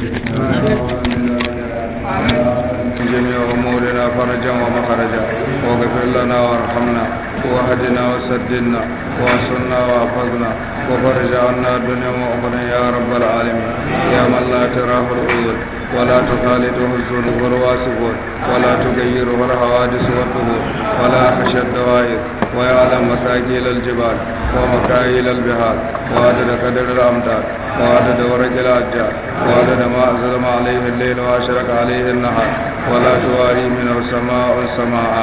Amen. جميع أمورنا فرجا ومخرجا واغفر لنا وارحمنا وهدنا وسددنا وانصرنا وافقنا وفرج عنا الدنيا مؤمنا يا رب العالمين يا من لا تراه العيون ولا تخالطه الذنوب والواسفون ولا تغيره الحوادث والدهور ولا خشى الدوائر ويعلم مساكيل الجبال ومكايل البحار وعدد قدر الامداد وعدد ورق الاشجار وعدد ما ظلم عليه الليل واشرق عليه النهار ولا تواري منه سماء سماء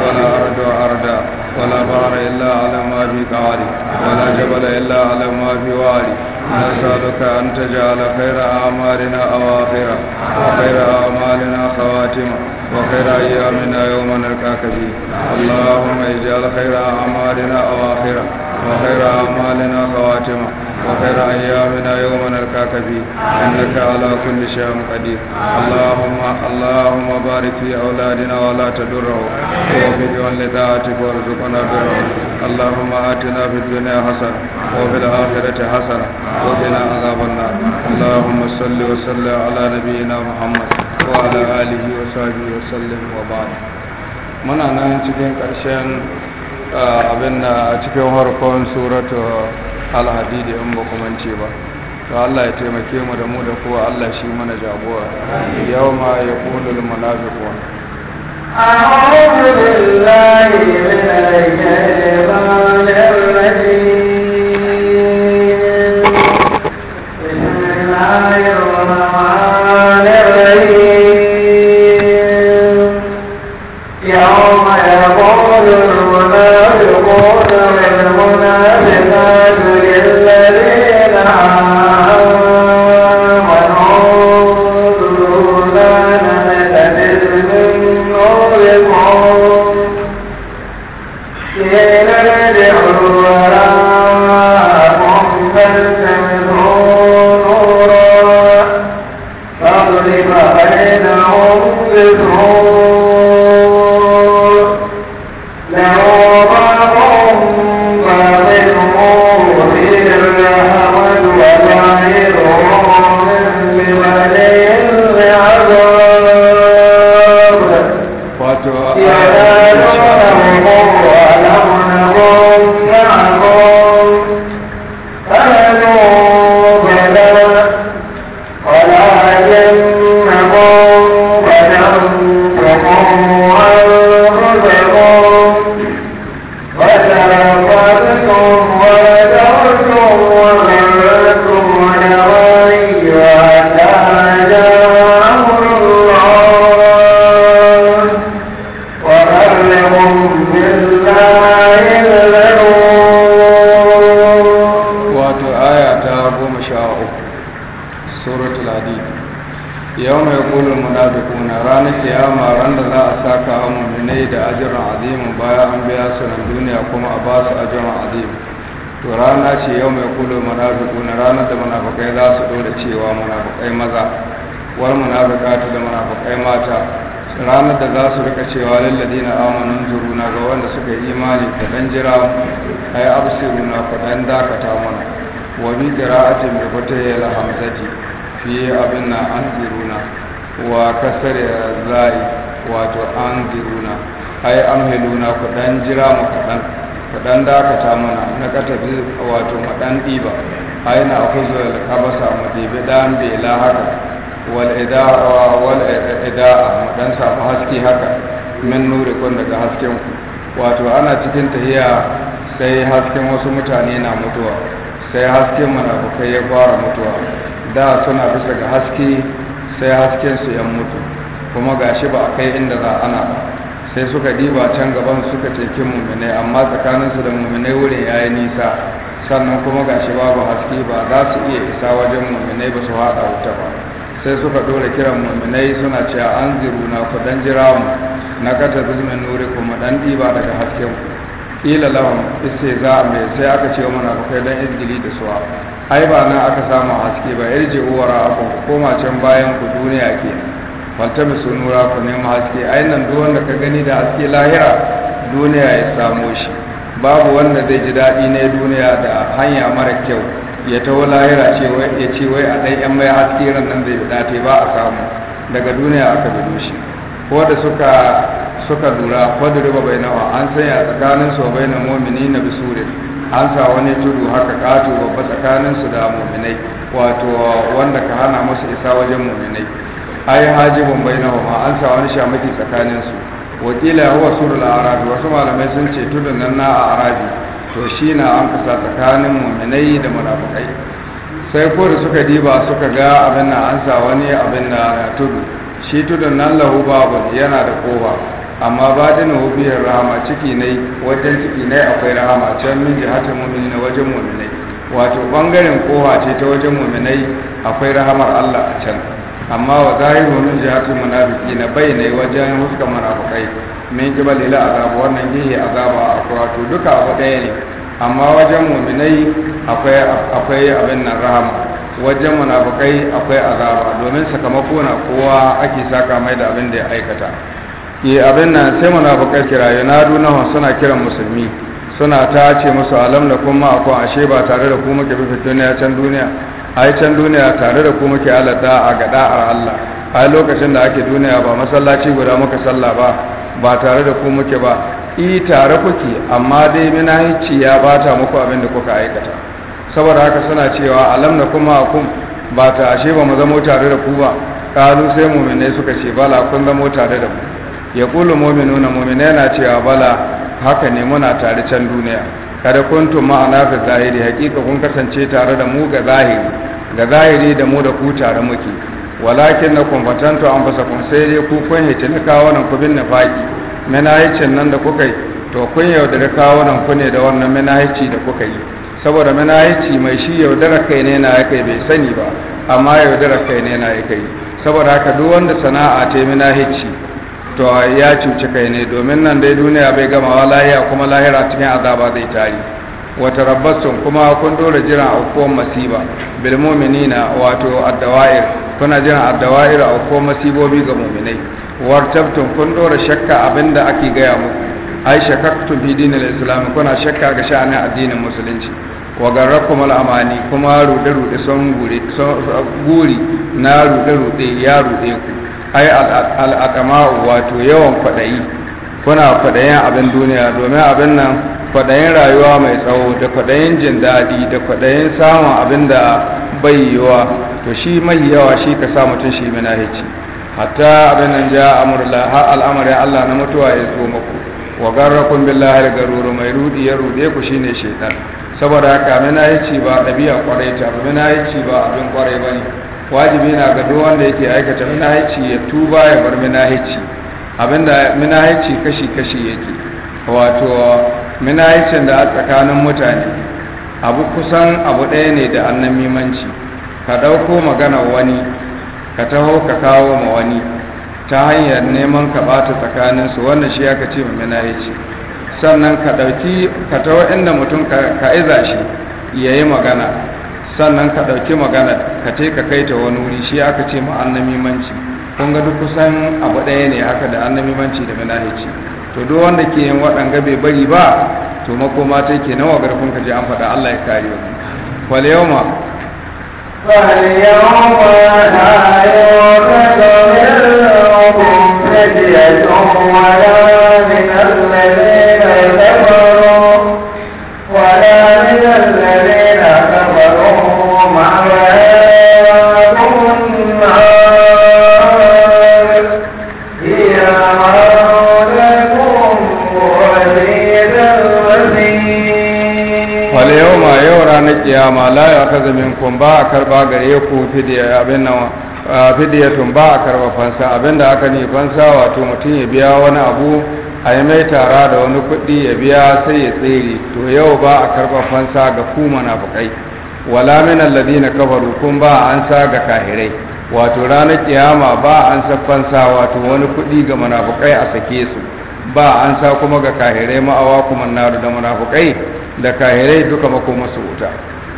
ولا أرض أرضا ولا بحر إلا على ما في قعري ولا جبل إلا على ما في وعري نسألك أن تجعل خير أعمالنا أواخرا وخير أعمالنا خواتما وخير أيامنا يوم نلقاك به اللهم اجعل خير أعمالنا أواخرا وخير أعمالنا خواتما وخير أيامنا يوم نلقاك به إنك على كل شيء قدير اللهم اللهم بارك في أولادنا ولا تدرهم ووفقهم لطاعتك وارزقنا برهم اللهم آتنا في الدنيا حسنة وفي الآخرة حسنة وقنا عذاب النار اللهم صل وسلم على نبينا محمد وعلى آله وصحبه وسلم وبعد muna nan cikin ƙarshen abin da cikin harkon suratu alhadidi in ba ku mance ba to Allah ya taimake mu da mu da kowa Allah shi mana jagora yau ma ya kulul munafiqun أعوذ بالله من الشيطان الرجيم an ziruna ai amhiluna ku dan jira mu kadan ku dakata mana na bi wato mu dan ɗiba ai na ku zuwa kabasa mu ɗibi dan la haka wal ida'a wal ida'a mu dan samu haske haka min nuri kun daga hasken ku wato ana cikin tahiya sai hasken wasu mutane na mutuwa sai hasken kai ya fara mutuwa da suna bisa ga haske sai hasken su ya mutu kuma gashi ba a kai inda za ana ba sai suka diba can gaban suka cikin muminai amma tsakaninsu da muminai wurin ya yi nisa sannan kuma gashi babu haske ba za su iya isa wajen muminai ba su haɗa wuta ba sai suka dora kiran muminai suna cewa an ziru na ku dan jira mu na kata zulmin nuri kuma dan ɗiba daga hasken ku ila lahum a mai sai aka ce mana kai dan izgili da suwa ai ba na aka samu haske ba yarje uwara ku koma can bayan ku duniya kenan faltami sun nura ku nemi haske a nan duk wanda ka gani da haske lahira duniya ya samo shi babu wanda zai ji daɗi ne duniya da hanya mara kyau ya taho lahira ya ce wai a ɗan yan mai haske ran nan zai dace ba a samu daga duniya aka bi shi ko da suka lura ko da riba bai nawa an sanya tsakanin su bai na momini na bisurin an sa wani tudu haka kato babba tsakanin su da mominai wato wanda ka hana musu isa wajen mominai Ayi hajibun bainahuma an sa wani shamaki tsakanin su wakila huwa surul arabi wasu malamai sun ce tudun nan na arabi to shi na an kasa tsakanin mu'minai da munafikai sai ko da suka diba suka ga abin na an sa wani abin na tudu shi tudun nan lahu babu yana da koba amma ba badin hubiyar rahama ciki ne wajen ciki ne akwai rahama can min jihatin na wajen mu'minai wato bangaren kowa ce ta wajen mu'minai akwai rahamar Allah a can amma wa zahiru min jihatul munafiqina bayyana wajen huskar munafiqai min kibal ila azab wannan gihi azaba a akwato duka abu daya ne amma wajen mu'minai akwai akwai abin nan rahama wajen munafiqai akwai azaba domin sakamako na kowa ake saka mai da abin da ya aikata yi abin nan sai munafiqai kira yunadu nahu suna kiran musulmi suna ta ce musu alam da kuma akwai ashe ba tare da ku muke bi duniya can duniya ai can duniya tare da ku muke alada a ga da'ar Allah ai lokacin da ake duniya ba masallaci guda muka sallah ba ba tare da ku muke ba i tare kuke amma dai minahici ya bata muku abin da kuka aikata saboda haka suna cewa alam na kuma akum ba ta ashe ba mu zamo tare da ku ba kalu sai muminai suka ce bala kun zamo tare da mu ya muminuna muminai na cewa bala haka ne muna tare can duniya kada kuntum ma'ana fi zahiri hakika kun kasance tare da mu ga zahiri ga zahiri da mu da ku tare muke walakin na kun fatanto an fasa kun sai dai ku kun hice na kawo nan ku bin nafaki manahicin nan da kuka yi to kun yaudare kawo nan ku ne da wannan manahici da kuka yi saboda manahici mai shi yaudara kai ne na yake bai sani ba amma yaudara kai ne na yake saboda haka duk wanda sana'a ta manahici to ya cuci kai ne domin nan dai duniya bai gama wa lahiya kuma lahira cikin azaba zai tari wata rabbasun kuma kun dole jiran aukuwan masiba bil mu'minina wato addawair kuna jiran addawair aukuwan masibobi ga mu'minai wartabtun kun dole shakka abinda ake gaya muku ai shakaktu fi dinil islam kuna shakka ga sha'anin addinin musulunci wa garrakum amani kuma rude rude sun guri na rude rude ya rude ku ai al'adama wato yawan fadayi. kuna kwaɗayin abin duniya domin abin nan kwaɗayin rayuwa mai tsawo da kwaɗayin jin daɗi da kwaɗayin samun abin da bai yiwa to shi mai yawa shi ka sa mutum shi mina hici hatta abin nan ja amurla har al'amarin allah na mutuwa ya zo muku wa garrakun billahi garuru mai rudi ya rude ku shine shaitan saboda haka mina hici ba ɗabi'a kwarai ta mina hici ba abin kwarai bane wajibi na ga duk wanda yake aikata minahici ya tuba ya bar minahici abinda minahici kashi kashi yake wato minahicin da a tsakanin mutane abu kusan abu ɗaya ne da annamimanci ka ɗauko magana wani ka taho ka kawo ma wani ta hanyar neman ka ɓata tsakaninsu wannan shi aka ce minahici sannan ka ɗauki ka taho inda mutum ka iza shi ya yi magana sannan ka ɗauki magana ka ce ka kai ta wani wuri shi aka ce ma annamimanci kun ga duk kusan abu ɗaya ne haka da annamimanci da minahici to duk wanda ke yin waɗanga bai bari ba to makoma ta ke nawa garkun ka je an faɗa Allah ya kare mu wal yawma wal yawma la yuqadu min rabbi tajiyatu wa la min alladhi kiyama la ya kaza minkum ba a karba gare ku fidiya abin nan tun ba a karba fansa abin da aka ni fansa wato mutum ya biya wani abu a yi mai tara da wani kuɗi ya biya sai ya tsere to yau ba a karba fansa ga ku munafukai wala min alladina kafaru kun ba an sa ga kahirai wato ranar kiyama ba an sa fansa wato wani kuɗi ga munafukai a sake su ba an sa kuma ga kahirai ma'awa kuma naru da munafukai da kahirai duka mako masu wuta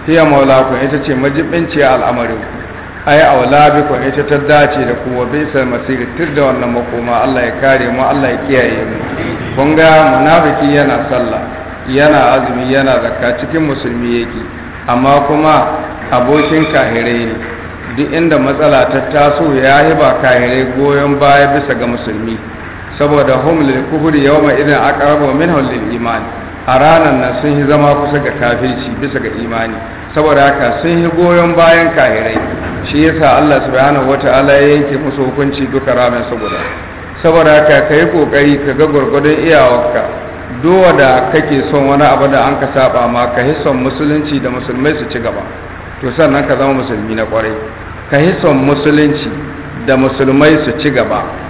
hiya maulakun ita ce majibinci al'amarin ai aula ku ita ta dace da kuwa sa masiri tir da wannan makoma Allah ya kare mu Allah ya kiyaye mu kun ga munafiki yana sallah yana azumi yana zakka cikin musulmi yake amma kuma abokin kahirai ne duk inda matsala ta taso ya yi ba kahirai goyon baya bisa ga musulmi saboda hum lil kufri yawma idan aqrabu min lil iman a ranar nan sun yi zama kusa ga kafirci bisa ga imani saboda haka sun yi goyon bayan kahirai shi yasa Allah subhanahu wata'ala ya yanke musu hukunci duka ramin saboda saboda haka kai kokari ka ga gurgurdun iyawarka dowa da kake son wani abu da an ka saba ma ka hisson musulunci da musulmai su ci gaba to sannan ka zama musulmi na kwarai ka hisson musulunci da musulmai su ci gaba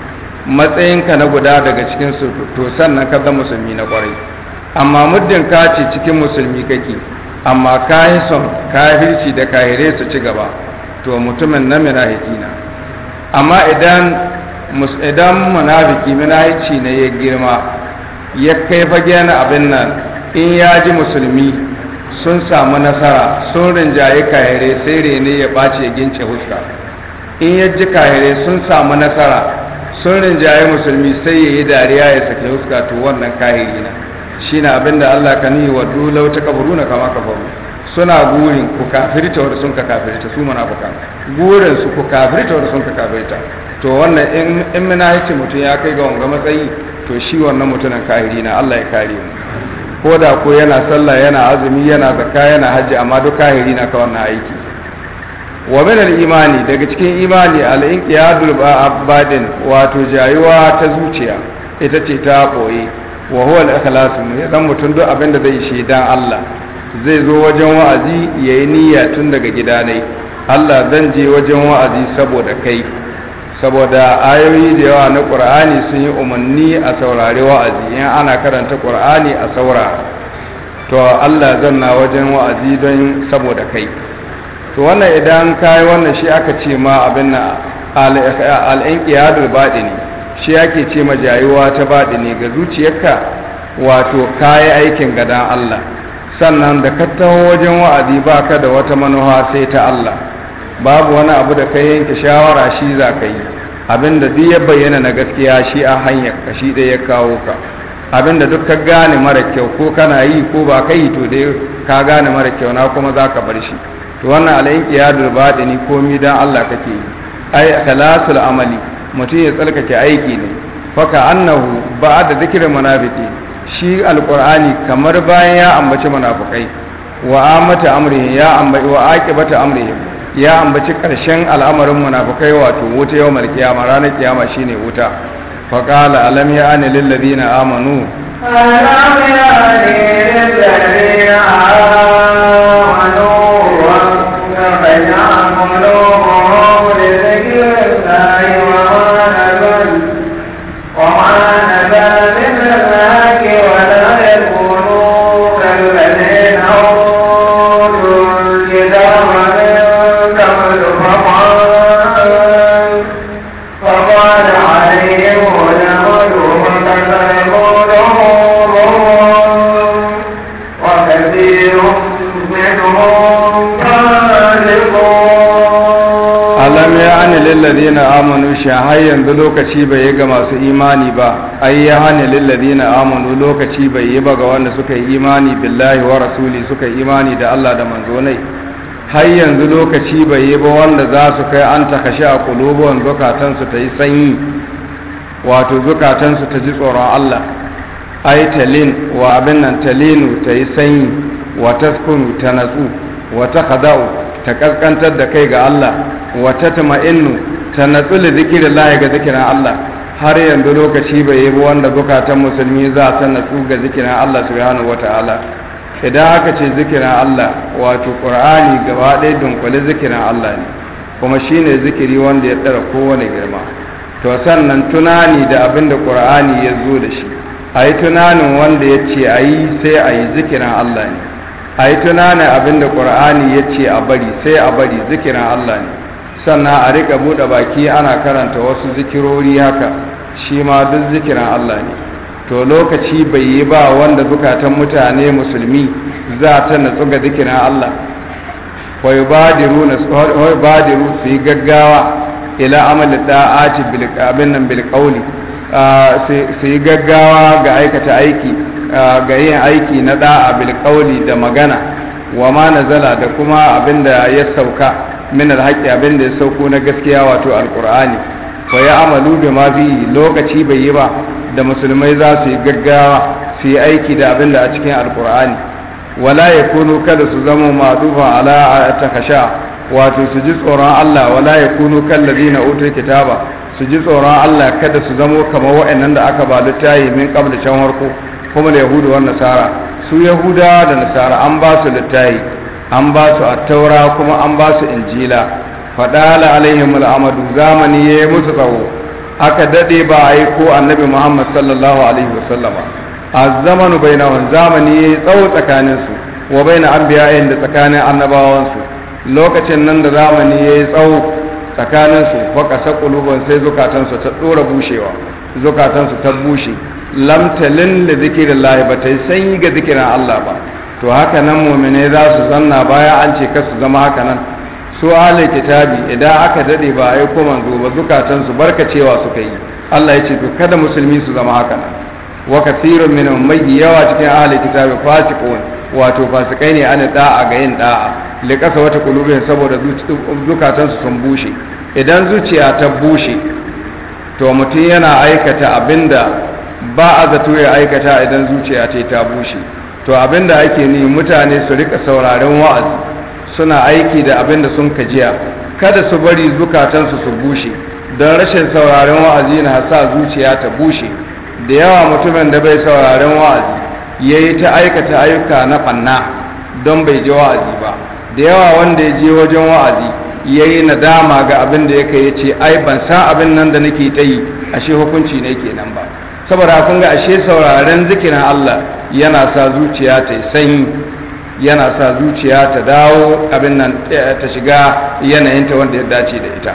matsayinka na guda daga cikin su to sannan ka zama musulmi na kwarai amma muddin ka ce cikin musulmi kake amma ka yi son kafirci da kahire su ci gaba to mutumin na munafiki na amma idan idan munafiki munafici ne ya girma ya kai fage na abin nan in ya ji musulmi sun samu nasara sun rinjaye kahire sai rene ya ɓace gince huska in ya ji kahire sun samu nasara sun jaye musulmi sai ya yi dariya ya sake huska to wannan kahiri na shi na abin da Allah ka nihi wa dulau ta kaburu na kama faru suna gurin ku kafirta wadda sun ka kafirta su mana bukan gurin su ku kafirta wadda sun ka kafirta to wannan in muna yace mutum ya kai ga wanga matsayi to shi wannan mutumin kahiri na Allah ya kare mu ko da ko yana sallah yana azumi yana zakka yana hajji amma duk kahiri na ka wannan aiki wa min imani daga cikin imani al-inqiyadul wato jayuwa ta zuciya ita ce ta koyi wa huwa al-ikhlas ne dan mutun duk abin da zai shi dan Allah zai zo wajen wa'azi yayi niyya tun daga gida Allah zan je wajen wa'azi saboda kai saboda ayoyi da yawa na Qur'ani sun yi umarni a saurari wa'azi in ana karanta Qur'ani a saurara to Allah zan na wajen wa'azi don saboda kai to wannan idan ka yi wannan shi aka ce ma abin na baɗi ne, shi ake ce ma jayuwa ta ne, ga zuciyarka wato ka yi aikin gadan Allah sannan da kattawa wajen wa'azi ba ka da wata manuwa sai ta Allah babu wani abu da ka yanke shawara shi za ka yi abin da duk bayyana na gaskiya shi a hanyar ka shi ya kawo ka abin da duk ka gane mara kyau ko kana yi ko ba ka yi to dai ka gane mara kyau na kuma za ka bar shi Wannan to ya alayin da ni komi dan Allah kake yi ai akhlasul amali mutum ya tsarkake aiki ne faka annahu ba'da dhikri munafiqi shi alqur'ani kamar bayan ya ambaci munafikai wa amata amrihi ya ambaci wa aqibata amrihi ya ambaci karshen al'amarin munafikai wato wuta yawmal qiyama ranar kiyama shine wuta فقال ألم يأن للذين آمنوا ألم يأن للذين آمنوا lillazina amanu shi har yanzu lokaci bai yi ga masu imani ba ai ya hana na amanu lokaci bai yi ba ga wanda suka yi imani billahi wa rasuli suka yi imani da Allah da manzonai har yanzu lokaci bai yi ba wanda za su kai an ta kashi a kulubuwan zukatansu ta yi sanyi wato zukatansu ta ji tsoron Allah ai talin wa abin nan talinu ta yi sanyi wa taskunu ta natsu wa ta ta kaskantar da kai ga Allah wa tatma'innu ta natsu zikirin zikrillah ga zikirin Allah har yanzu lokaci bai yi wanda bukatan musulmi za ta natsu ga zikirin Allah subhanahu wata'ala idan aka ce zikirin Allah wato Qur'ani gaba ɗaya dunkule zikirin Allah ne kuma shine zikiri wanda ya ɗara kowane girma to sannan tunani da abin da Qur'ani ya zo da shi a yi tunanin wanda ya ce a yi sai a yi zikirin Allah ne a yi tunanin abin da Qur'ani ya ce a bari sai a bari zikirin Allah ne sannan a rika buɗe baki ana karanta wasu zikirori haka shi ma duk zikiran Allah ne to lokaci bai yi ba wanda bukatan mutane musulmi za ta natsu ga zikirin Allah wai badiru su yi gaggawa ila amalin da'aci abin nan bilkauli su yi gaggawa ga aikata aiki ga yin aiki na da'a bilkauli da magana wa ma nazala da kuma abin da ya sauka min alhaƙi abin da ya sauko na gaskiya wato alqur'ani fa ya amalu bi ma bi lokaci bai yi ba da musulmai za su yi gaggawa su yi aiki da abinda a cikin alqur'ani wala yakunu kada su zama madufa ala takasha wato su ji tsoron Allah wala yakunu na utul kitaba su ji tsoron Allah kada su zama kamar waɗannan da aka ba littayi min qabla can harko kuma da yahudu nasara su yahuda da nasara an ba su littayi an ba su attaura kuma an ba su injila faɗala alaihim al'amadu zamani ya yi musu tsawo aka daɗe ba a yi ko annabi muhammad sallallahu alaihi wasallama a zamanu bai zamani ya yi tsawo tsakaninsu wa bai na da tsakanin annabawansu lokacin nan da zamani ya yi tsawo tsakaninsu baka sa ƙuluban sai zukatansu ta ɗora bushewa zukatansu ta bushe lamtalin da zikirin lahi ba ta yi sanyi ga zikirin allah ba to haka nan muminai za su zanna baya an ce ka su zama haka nan su ahalin kitabi idan aka dade ba a yi ko manzo ba barka cewa suka yi Allah ya ce to kada musulmi su zama haka nan wa kasirun min ummi yawa cikin ahalin kitabi fasiqun wato fasikai ne ana a ga yin da'a liqasa wata qulubin saboda zukatansu sun bushe idan zuciya ta bushe to mutum yana aikata abinda ba a zato ya aikata idan zuciya ta bushe to abin da ake ni mutane su rika sauraren wa'azi suna aiki da abin da sun kajiya kada su bari zukatansu su bushe don rashin sauraren wa'azi na sa zuciya ta bushe da yawa mutumin da bai sauraren wa'azi ya yi ta aikata ayyuka na fanna don bai je wa'azi ba da yawa wanda ya je wajen wa'azi ya yi nadama ga abin da ya kai ya ce ai ban san abin nan da nake ta yi ashe hukunci ne kenan ba saboda kun ga ashe sauraren zikirin Allah yana sa zuciya ta sanyi yana sa zuciya ta dawo abin nan eh, ta shiga yanayin ta wanda ya dace da ita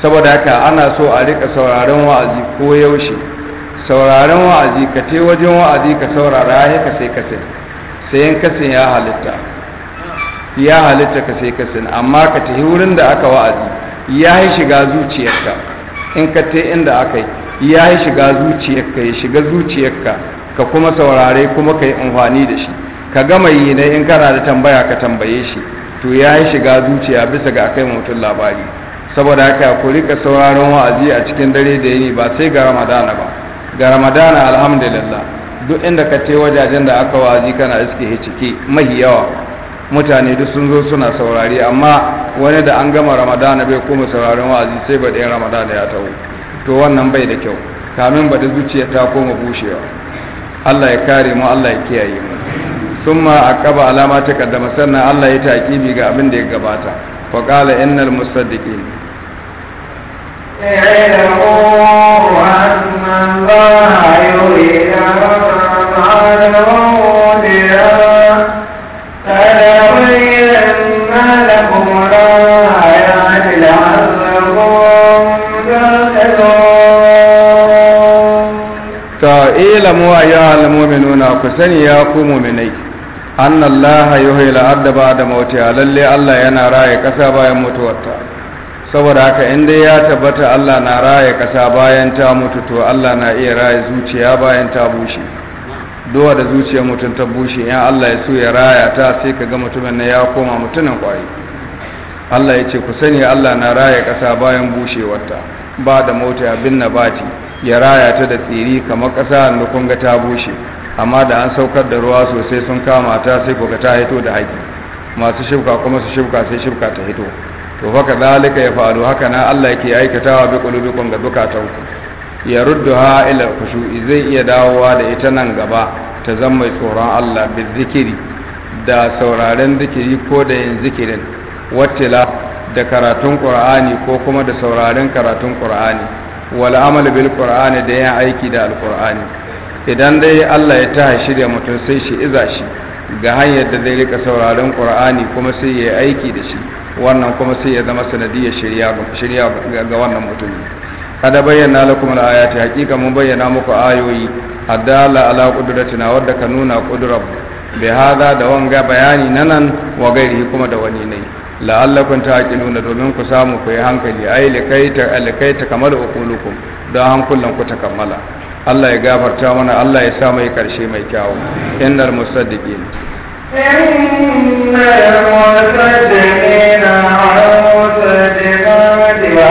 saboda haka ana so a rika sauraren wa'azi ko yaushe sauraren wa'azi ka te wajen wa'azi ka saurara ya ka sai sai sayan kasin ya halitta ya halitta ka sai kasin amma ka tafi wurin da aka wa'azi ya yi shiga zuciyarka in ka te inda aka yi ya yi shiga zuciyarka ya shiga zuciyarka ka kuma saurare kuma ka yi amfani da shi ka gama yi na in kana da tambaya ka tambaye shi to ya yi shiga zuciya bisa ga kai mutum labari saboda haka ku rika sauraron wa'azi a cikin dare da yini ba sai ga ramadana ba ga ramadana alhamdulillah duk inda ka ce wajajen da aka wa'azi kana iske cike mahi yawa mutane duk sun zo suna saurari amma wani da an gama ramadana bai kuma sauraron wa'azi sai ba ɗayan ramadana ya taho to wannan bai da kyau kamin ba da zuciya ta koma bushewa Allah ya kare mu Allah ya kiyaye mu summa kaba alama ta kaddama sannan Allah ya taqibi ga abin da ya gabata fa qala innal musaddiqin اعلموا أن alamu ayyuha almu'minuna ku sani ya ku mu'minai anna allaha da ba da ba'da mawtiha lalle Allah yana raye kasa bayan mutuwarta saboda haka in dai ya tabbata Allah na raye kasa bayan ta mutu to Allah na iya raye zuciya bayan ta bushe dowa da zuciyar mutum ta bushe in Allah ya so ya raya ta sai ka ga mutumin na ya koma mutumin kwari Allah ya ce ku sani Allah na raye kasa bayan bushewarta ba da mota abin nabati ya raya ta da tsiri kamar ƙasa da kun ga ta bushe amma da an saukar da ruwa sosai sun kama ta sai kuka ta hito da haƙi masu shibka kuma su shibka sai shibka ta hito to haka zalika ya faru haka na Allah yake aikatawa bi qulubikum ga zukatan ku ya rudduha ila khushu'i zai iya dawowa da ita nan gaba ta zama mai tsoron Allah bi zikiri da sauraren zikiri ko da yin zikirin wattila da karatun qur'ani ko kuma da sauraren karatun qur'ani wal amal bil qur'ani da yin aiki da qur'ani idan dai Allah ya taha shirya mutum sai shi iza shi ga hanyar da zai rika sauraron qur'ani kuma sai ya aiki da shi wannan kuma sai ya zama sanadiyar shirya shirya ga wannan mutum kada bayyana lakum al-ayati haqiqa mun bayyana muku ayoyi adala ala qudratina wadda ka nuna qudrab bi hada da wanga bayani nanan wa gairi kuma da wani ne la'allakum taqiluna domin ku samu ku yi hankali ai likaita alkaita kamar uqulukum don hankulan ku ta kammala Allah ya gafarta mana Allah ya sa mai karshe mai kyawu innal musaddiqin innal musaddiqina wa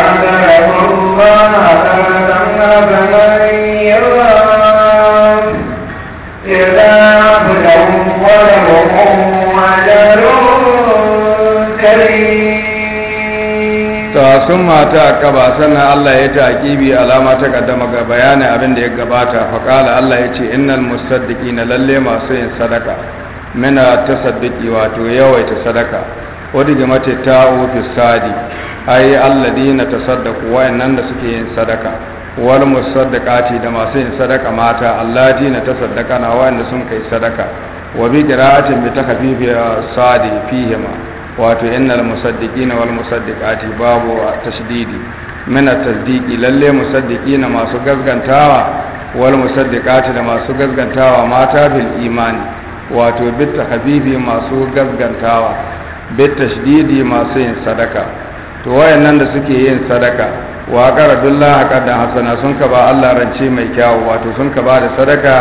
sun mata kaba sannan Allah ya ta taƙibi alama ta kaddama ga bayanin abin da ya gabata faƙala Allah ya ce innal musaddiki na lalle masu yin sadaka mina ta saddiki wato yawaita sadaka wadda ga mace ta ofis sadi ai Allah dina ta saddaku wayannan da suke yin sadaka wal ce, da masu yin sadaka mata Allah dina ta saddaka na wayanda sun kai sadaka wa bi qira'atin bi takfifi sadi fihima wato innal musaddiqina wal musaddiqati babu tashdidi min tasdiqi lalle musaddiqina masu gaskantawa wal musaddiqati da masu gaskantawa mata bil imani wato bit habibi masu gaskantawa bit tashdidi masu yin sadaka to wayannan da suke yin sadaka wa qaradullah qadan hasana sun ka ba Allah rance mai kyau wato sun ka ba da sadaka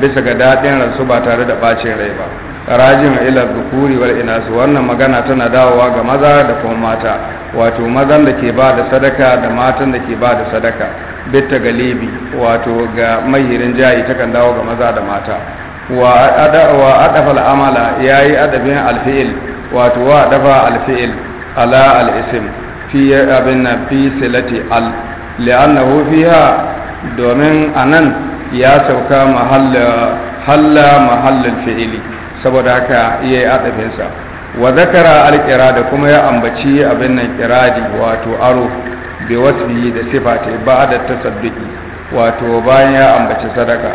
bisa ga dadin rasu ba tare da bacin rai ba rajin ila dhukuri wal inasu wannan magana tana dawowa ga maza da kuma mata wato mazan da ke ba da sadaka da matan da ke ba da sadaka bitta galibi wato ga mahirin jayi takan dawo ga maza da mata wa adafa al'amala ya yi adabin alfi'il wato wa adafa alfi'il ala al'isim fi abin na fi silati al li'annahu fiha domin anan ya sauka mahalla mahallin fi'ili saboda haka iya yi atsafinsa wa zakara alƙira da kuma ya ambaci abin nan kiradi wato aro bai wasfi da sifa bada ba da tasaddiki wato bayan ya ambaci sadaka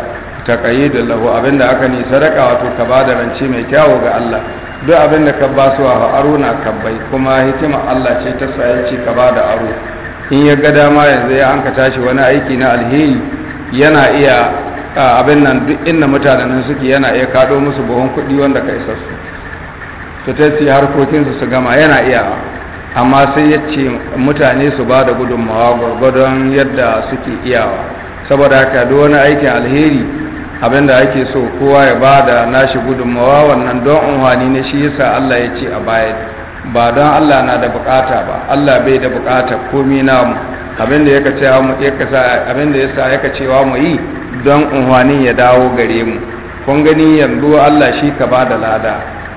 ta da lahu abin da aka ni sadaka wato ka ba da rance mai kyawu ga Allah duk abin da ka ba su wa aro na kabbai kuma hikima Allah ce ta sayanci ka ba da aro in ya ga dama yanzu ya an ka tashi wani aiki na alheri yana iya abin nan duk inda mutanen suke yana iya kado musu buhun kuɗi wanda ka isa su su ta ce harkokinsu su gama yana iya amma sai ya ce mutane su ba da gudunmawa gwargwadon yadda suke iyawa saboda haka duk wani aikin alheri abin da ake so kowa ya ba da nashi gudunmawa wannan don unhani ne shi yasa Allah ya ce a baya ba don Allah na da bukata ba Allah bai da bukata komi namu abin da yasa yaka cewa mu yi don unhwanin ya dawo gare mu kun gani yanzu Allah shi ka ba da lada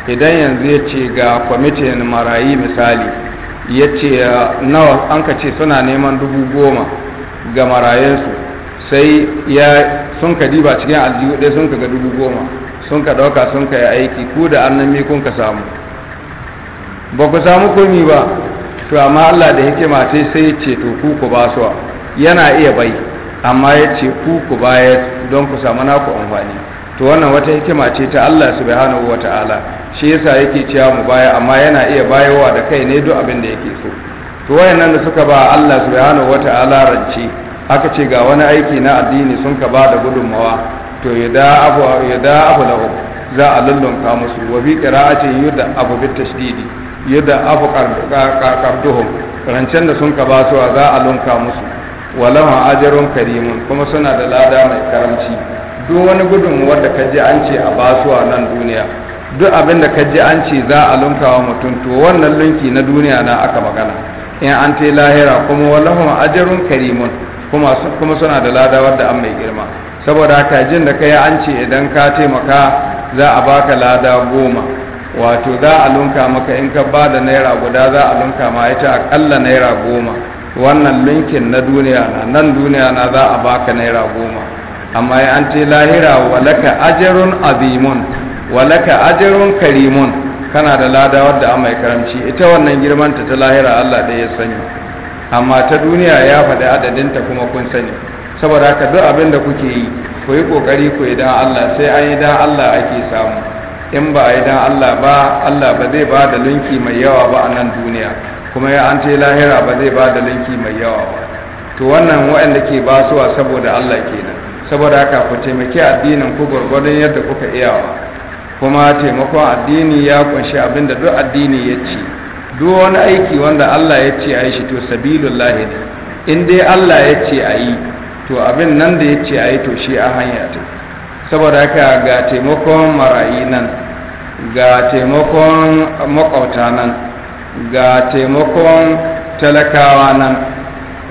idan yanzu ya ce ga kwamitin marayi misali ya ce nawa an ka ce suna neman dubu goma ga marayensu sai ya sun ka diba cikin aljihu ɗaya sun ka ga dubu goma sun ka ɗauka sun ka yi aiki ku da annami kun ka samu ba ku samu komi ba to amma Allah da hikima sai sai ce to ku ku ba yana iya bai amma ya ce ku ku bayar don ku samu naku amfani to wannan wata hikima ce ta Allah subhanahu wa ta'ala shi yasa yake cewa mu baya amma yana iya bayowa da kai ne duk abin da yake so to wayannan da suka ba Allah subhanahu wa ta'ala rance aka ce ga wani aiki na addini sun ka ba da gudunmawa to yada abu yada abu lahu za a ka musu wa bi qira'ati yada abu bit tashdidi yada abu qarduhum rancen da sun ka ba su za a lunka musu walama ajarun karimun kuma suna da lada mai karamci duk wani wanda ka kaji an ce a basu a nan duniya duk abin da ji an ce za a lunkawa mutum to wannan lunki na duniya na aka magana in an ce lahira kuma walama ajarun karimun kuma suna da lada wadda an mai girma saboda haka jin da yi an ce idan ka taimaka za a baka lada goma wato za a lunka maka in ka ba da naira guda za a lunka ma ita aƙalla naira goma wannan linkin na duniya na nan duniya na za a baka naira goma amma ya an ce lahira walaka ajarun azimun walaka ajarun karimun kana da lada wadda an mai karamci ita wannan girmanta ta lahira Allah ɗaya ya sani amma ta duniya ya faɗi adadinta kuma kun sani saboda haka duk abin da kuke yi ku yi ƙoƙari ku idan Allah sai an yi dan Allah ake samu in ba a yi dan Allah ba Allah ba zai ba da linki mai yawa ba a nan duniya kuma ya an ce lahira ba zai ba da linki mai yawa ba to wannan waɗanda ke ba suwa saboda Allah kenan saboda haka ku taimaki addinin ku gwargwadon yadda kuka iyawa kuma taimakon addini ya kunshi abin da duk addini ya ce duk wani aiki wanda Allah ya ce a yi shi to sabilullahi ne in dai Allah ya ce a yi to abin nan da ya ce a yi to shi a hanya ta saboda haka ga taimakon marayi nan ga taimakon makwauta nan ga taimakon talakawa nan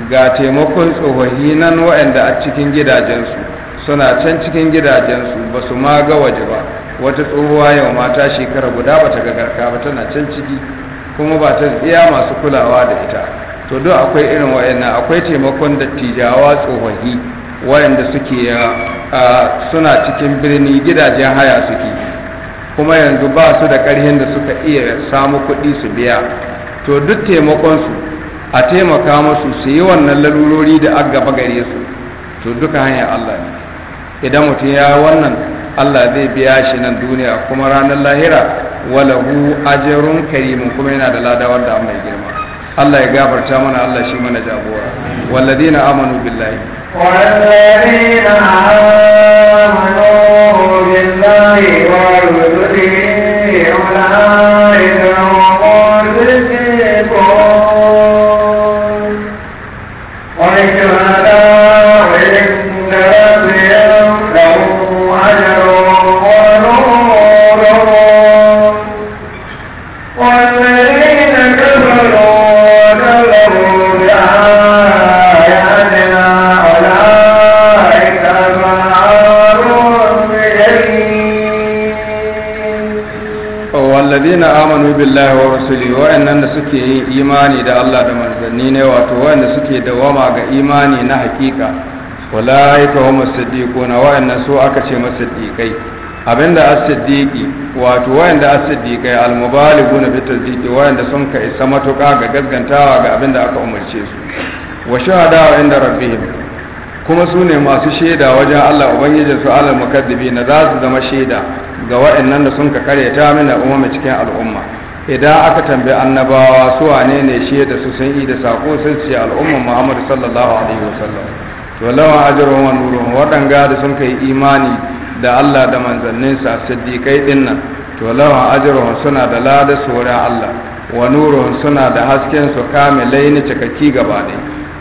ga taimakon tsohohi nan waɗanda a cikin gidajensu suna can cikin gidajensu ba su ma ga waje ba wata tsohuwa yau mata shekara guda ba ta ga garka ba tana can ciki kuma ba ta tsiya masu kulawa da ita to duk akwai irin waɗannan akwai taimakon dattijawa tsohohi waɗanda suke suna cikin birni gidajen haya suke kuma yanzu ba su da ƙarhin da suka iya samu kuɗi su biya to duk taimakonsu a taimaka musu su yi wannan lalurori da an gaba gare su to duka hanyar Allah ne idan mutum ya wannan Allah zai biya shi nan duniya kuma ranar lahira walahu ajrun karimun kuma yana da ladawar da mai girma Allah ya gafarta mana Allah shi mana jagora walladina amanu billahi amanu billahi wa ولا إذ amanu billahi wa rasuli wa'annan da suke yin imani da Allah da manzanni ne wato wa'anda suke dawama ga imani na hakika walaika hum as-siddiquna wa'annan su aka ce masiddiqai abinda as-siddiqi wato wa'anda as-siddiqai al-mubaliguna bi tasdiqi wa'anda sun ka isa matuƙa ga gaskantawa ga abinda aka umarce su wa shuhada inda rabbihim kuma su ne masu shaida wajen Allah ubangijin su alal mukaddibi na za su zama shaida ga wa'annan da sun ka ta mina umma cikin al'umma idan aka tambayi annabawa su wane ne shi da su sun yi da sako sun ce al'umma muhammad sallallahu alaihi wasallam to lawan ajrun wa nurun waɗanga da sun kai imani da Allah da manzanninsa siddiqai nan. to lawan ajrun suna da lada wurin Allah wa nuru suna da hasken su kame, laini, cikakki gaba ne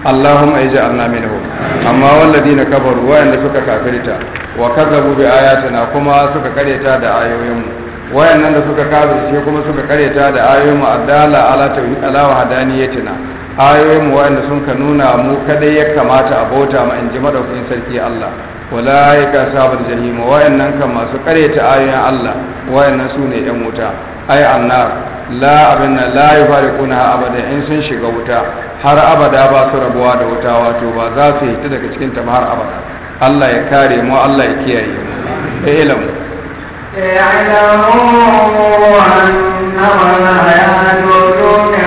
Allahumma ij'alna minhum amma walladina kafaru wa'anda suka kafirta wa kazzabu bi ayatina kuma suka kareta da ayoyinmu wayannan da suka shi kuma suka karyata da ayoyin mu adala ala tauhid ala wahdaniyatina ayoyin mu wayanda sun ka nuna mu kadai ya kamata a bauta mu inji madaukakin sarki Allah sabu da jahim wayannan kan masu karyata ayoyin Allah wayannan ne yan wuta ai annar la abin nan la a abada in sun shiga wuta har abada ba su rabuwa da wuta wato ba za su ta daga cikin ta har abada Allah ya kare mu Allah ya kiyaye mu ilmu اعلموا أن الحياة الدنيا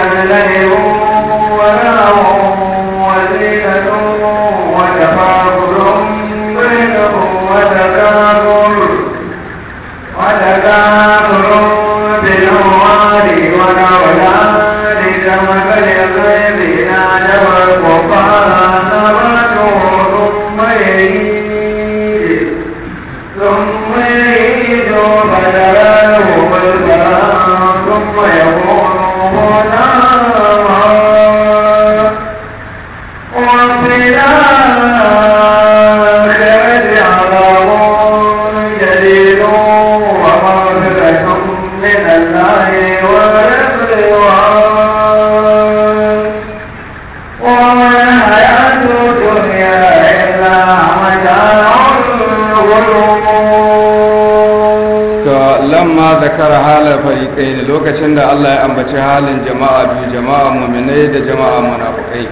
zakara halar farikai da lokacin da Allah ya ambaci halin jama'a biyu jama'a muminai da jama'a munafukai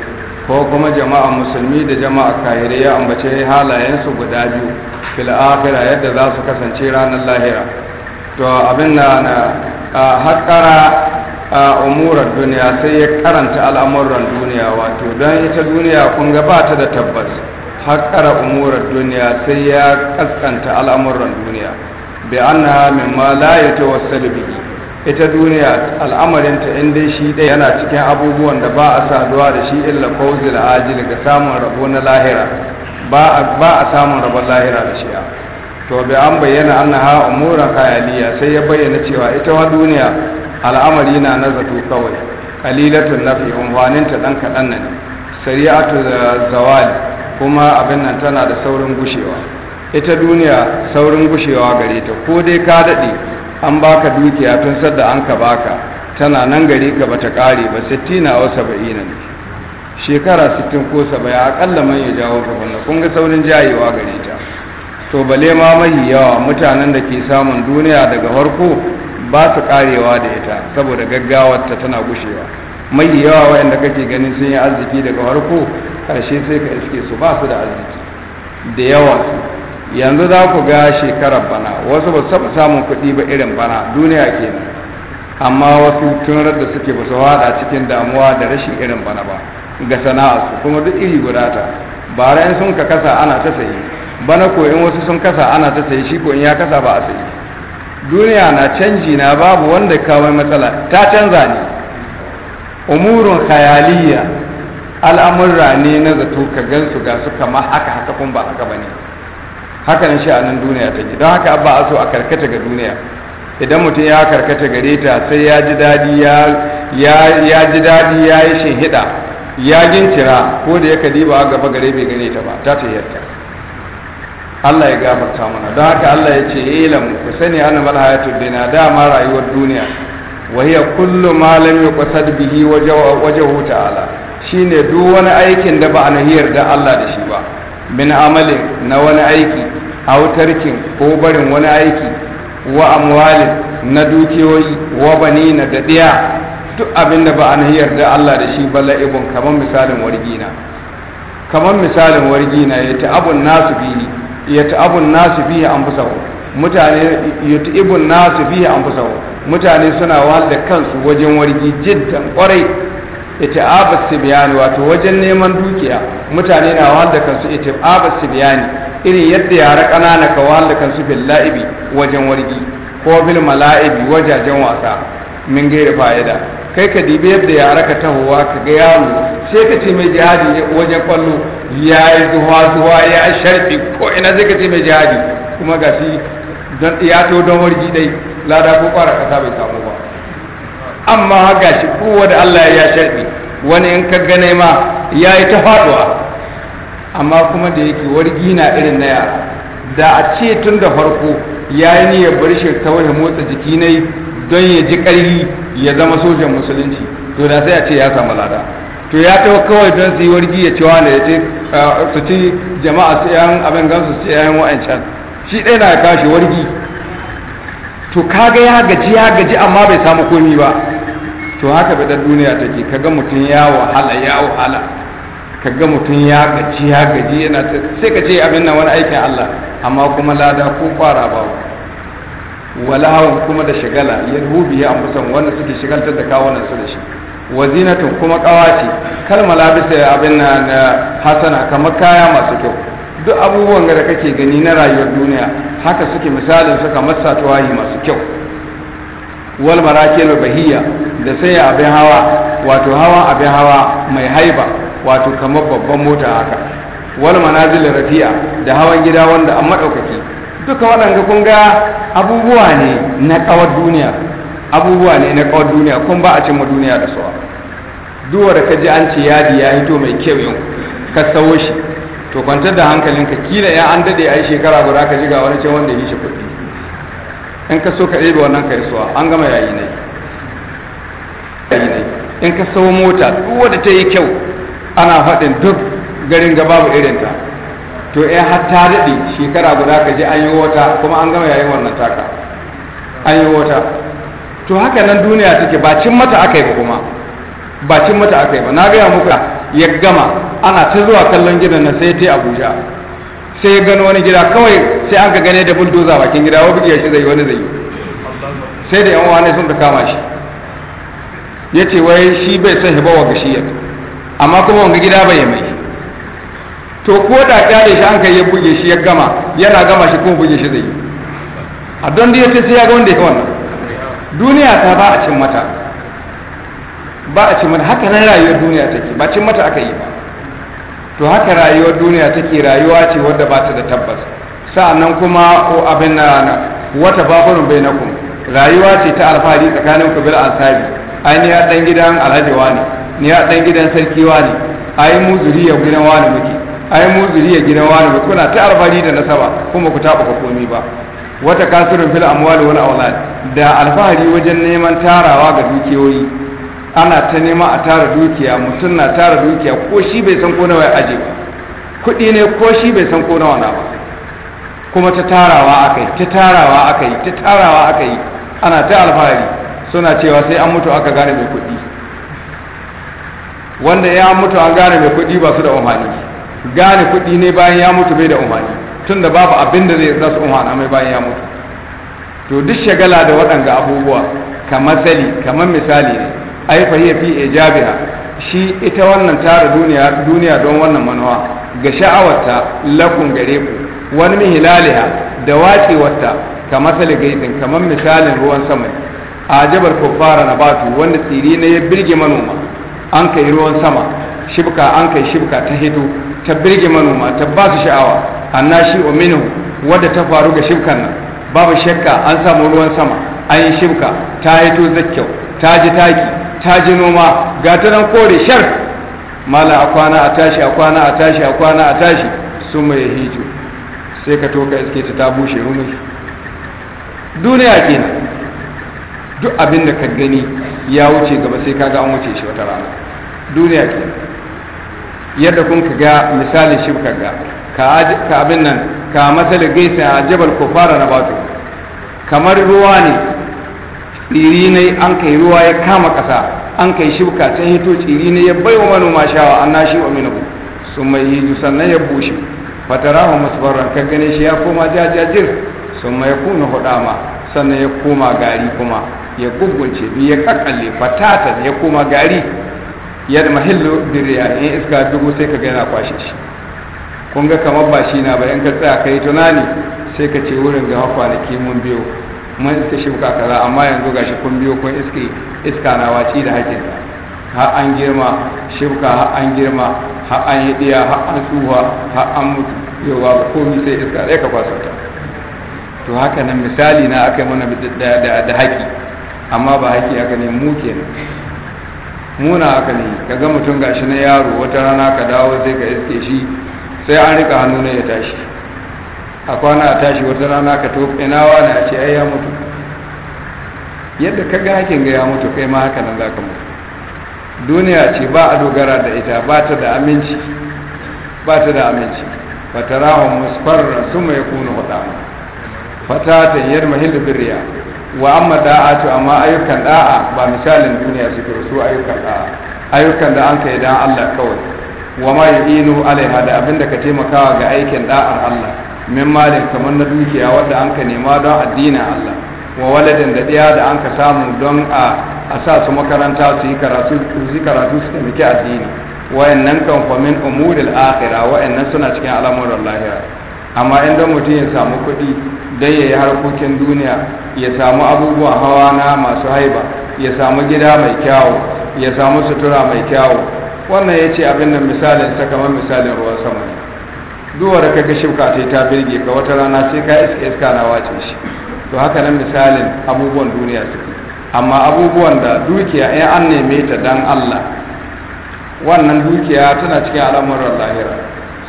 ko kuma jama'a musulmi da jama'a kahirai ya ambaci halayensu guda biyu fil akhira yadda za su kasance ranar lahira to abin na na haƙara umurar duniya sai ya karanta al'amuran duniya wato don ita duniya kun gabata ba ta da tabbas haƙara umurar duniya sai ya kaskanta al'amuran duniya bi min ma la yatawassalu bihi ita duniya al'amarinta in dai shi ɗaya yana cikin abubuwan da ba a saduwa da shi illa fawzil ajil ga samun rabo na lahira ba a samun rabon lahira da shi. to bai an bayyana annaha umuran khayaliya sai ya bayyana cewa ita wa duniya al'amari na na kawai qalilatun nafi umwanin ta dan kadan ne sari'atu zawali kuma abin nan tana da saurin gushewa ita duniya saurin gushewa gare ta ko dai ka daɗe an baka dukiya tun sadda an ka baka tana nan gare ka bata kare ba 60 au 70 ne shekara sittin ko 70 akalla man ya jawo ta wannan kun ga saurin jayewa gare ta to bale ma mahi yawa mutanen da ke samun duniya daga farko ba su ƙarewa da ita saboda gaggawarta tana gushewa mai yawa wayanda kake ganin sun yi arziki daga farko karshe sai ka iske su ba su da arziki da yawa yanzu za ku ga shekarar bana wasu ba su samun kuɗi ba irin bana duniya nan. amma wasu tunar da suke ba su hada cikin damuwa da rashin irin bana ba ga sana'a su kuma duk iri guda ta ba ran sun ka kasa ana ta sayi bana ko in wasu sun kasa ana ta sayi shi ko in ya kasa ba a sayi duniya na canji na babu wanda kawo matsala ta canza ne umurun khayaliya al'amurra ne na zato ka gansu ga su kamar haka haka kun ba haka bane haka nan sha'anin duniya take don haka abba a so a karkata ga duniya idan mutum ya karkata gare ta sai ya ji daɗi ya ji daɗi ya yi shinhiɗa gincira ko da ya ba a gaba gare bai gane ta ba ta tahiyarta Allah ya gafarta mana don haka Allah ya ce ilam ku sani ana malhayatu dina dama rayuwar duniya wa hiya kullu ma lam yuqsad bihi wajhu ta'ala shine duk wani aikin da ba a nahiyar da Allah da shi ba min amalin na wani aiki autarkin ko barin wani aiki wa amwalin na dukiyoyi wa banina da daɗiya, duk abin da ba a nahiyar da Allah da shi balla ibon kamar misalin wargina kamar misalin wargina ya ta abun nasu bihi ya ta abun nasu bihi an fusahu mutane ya ta ibun nasu bihi an mutane suna wahal da kansu wajen wargi jiddan kwarai iti'abat Sibiyani wato wajen neman dukiya mutane na wanda kansu iti'abat Sibiyani irin yadda yara kanana ka wanda kansu bil la'ibi wajen wargi ko bil mala'ibi wajajen wasa min gairi fa'ida kai ka dibi yadda yara ka tahowa ka ga yaro sai ka ce mai jihadi wajen kwallo ya yi zuwa zuwa ya sharfi ko ina sai ka ce mai jihadi kuma ga shi ya to don wargi dai lada ko kwara kasa bai samu ba amma haka shi kowa da Allah ya sharbi wani in ka gane ma ya yi ta faduwa amma kuma da yake wargi na irin na yara da a ce tun da farko ya yi niyyar bar shi ta wani motsa jiki na don ya ji ƙarfi ya zama sojan musulunci to da sai a ce ya samu lada to ya tawo kawai don su yi wargi ya ce wani ya ce su ci jama'a su yan abin gansu su yan wa'ancan shi ɗaya na kashi wargi to kaga ya gaji ya gaji amma bai samu komi ba to haka da duniya take kaga mutum ya wahala ya wahala kaga mutum ya gaji ya gaji yana sai ka ce abin nan wani aikin Allah amma kuma lada ko kwara ba walahawan kuma da shagala ya rubi ya ambaton wanda suke shigaltar da kawunan su da shi wazinatun kuma kawaci kar labisa abin nan eh, hasana kamar kaya masu kyau duk abubuwan da kake gani na rayuwar duniya haka suke misalin su kamar masu kyau wal marakil bahiyya da sai abin hawa wato hawa abin hawa mai haiba wato kamar babban mota haka wal manazil rafiya da hawan gida wanda an maɗaukaki duka waɗanda kun ga abubuwa ne na kawar duniya abubuwa ne na kawar duniya kun ba a ma duniya da sawa duwa da ka ji an ce yadi ya hito mai kyau yau ka sawo shi to kwantar da hankalinka kila ya an dade ai shekara guda ka ji ga wani ce wanda ya yi shi kuɗi in ka so ka ɗebe wannan ka isuwa an gama yayi ne in ka sau mota duk wadda ta yi kyau ana faɗin duk garin ga babu irinta to ya eh, har ta daɗe shekara guda ka je an yi wata kuma an gama yayin wannan taka an yi wata to haka nan duniya take cin mata aka yi kuma ba cin mata aka yi ba na gaya muka ya gama ana ta zuwa kallon gidan na sai ta abuja sai ya gano wani gida kawai sai an ka gane da buldoza bakin gida wani bugiya shi zai wani zai sai da yan uwa ne sun ka kama shi ya ce wai shi bai son hibawa ga yadda, amma kuma wanga gida bai yi mai to ko da kyale shi an kai ya buge shi ya gama yana gama shi kuma buge shi zai a don da ya ce sai ya ga wanda ya wannan duniya ta ba a cin mata ba a cin mata haka nan rayuwar duniya take ba cin mata aka yi ba to haka rayuwar duniya take rayuwa ce wadda ba ta da tabbas sa'annan kuma o abin na wata babarun bai nakum rayuwa ce ta alfahari tsakanin ku bil ansabi ai ni dan gidan alhaji wani ni dan gidan sarki wani ai mu zuriya gidan wani muke ai mu zuriya gidan wani muke kuna ta alfahari da nasaba kuma ku taba ku komi ba wata kasirun fil amwali wal awlad da alfahari wajen neman tarawa ga dukiyoyi ana ta nema a tara dukiya mutum na tara dukiya ko shi bai san ko nawa ya aje ba kuɗi ne ko shi bai san ko nawa na ba kuma ta tarawa aka yi ta tarawa aka yi ta tarawa aka yi ana ta alfahari suna cewa sai an mutu aka gane mai kuɗi wanda ya mutu an gane mai kuɗi ba su da umarni gane kuɗi ne bayan ya mutu bai da umarni tun da babu abin da zai su umarna mai bayan ya mutu to duk shagala da waɗanga abubuwa kamar sali kamar misali ne ai fa hiya fi ijabiha shi ita wannan tara duniya duniya don wannan manawa ga sha'awarta lakun gare ku wani mihilaliha da wacewarta kamar saligaitin kamar misalin ruwan sama a jabar kuffara na batu wanda tsiri na ya birge manoma an kai ruwan sama shibka an kai shibka ta hito ta birge manoma ta ba su sha'awa annashi ominu wadda ta faru ga shibkan nan babu shakka an samu ruwan sama an yi shibka ta hito zakyau ta ji taki ta ji noma ga ta nan kore shar malam a kwana a tashi a kwana a tashi a kwana a tashi sun mai hiju sai ka toka iske ta ta bushe rumi duniya kenan duk abin da ka gani ya wuce gaba sai kaga an wuce shi wata rana duniya kenan yadda kun ka ga misalin shi ka ga ka abin nan ka matsala gaisa a jabal kofara na batu kamar ruwa ne tsiri ne an kai ruwa ya kama ƙasa an kai shibka ta hito tsiri ne ya bai wa manoma shawa an nashi wa minabu sun mai hiju sannan ya bushe fatarahu musbarran ka gane shi ya koma jajajir sun mai kuna hudama sannan ya koma gari kuma ya gugunce bi ya kakalle fatatan ya koma gari ya da mahillu birya in iska dubu sai ka gana kwashe shi kun ga kamar ba shi na bayan ka tsaya kai tunani sai ka ce wurin ga kwanaki mun biyo mun ta shuka kaza amma yanzu ga shi kun biyo kun iske iska na waci da hakin har an girma shuka har an girma har an yi diya har an tsuwa har an mutu yawa ba komi sai iska ɗaya ka kwasa ta to haka nan misali na aka yi mana da haki amma ba haki aka ne mu kenan muna aka ne ka ga mutum gashi na yaro wata rana ka dawo sai ka iske shi sai an rika hannu ne ya tashi a kwana a tashi wata rana ka to ina wani a ce ai ya mutu yadda ka ga hakin ga ya mutu kai ma haka nan za ka mutu duniya ce ba a dogara da ita ba ta da aminci ba ta da aminci tarahu musfarra su yakunu kuna hudu fata ta yar mahillu birriya wa amma da'atu to amma ayyukan da'a ba misalin duniya suke su ayyukan da'a ayyukan da an kai dan Allah kawai wa ma yu'inu alaiha da abinda ka taimakawa ga aikin da'ar Allah min malin kamar na dukiya wadda an ka nema don addinin Allah wa waladin da ɗaya da an ka samu don a sa su makaranta su yi karatu su taimaki addini wayannan kan fa min umuril akhira wayannan suna cikin al'amuran lahira amma in don mutum ya samu kuɗi dan yayi harkokin duniya ya samu abubuwan hawa na masu haiba ya samu gida mai kyawu ya samu sutura mai kyawu wannan ya ce abin nan misalin ta kamar misalin ruwan sama ne duwar ka ga shimka ta ta birge ka wata rana sai ka iska iska na wace shi to haka nan misalin abubuwan duniya suke amma abubuwan da dukiya in an neme ta dan Allah wannan dukiya tana cikin al'amuran lahira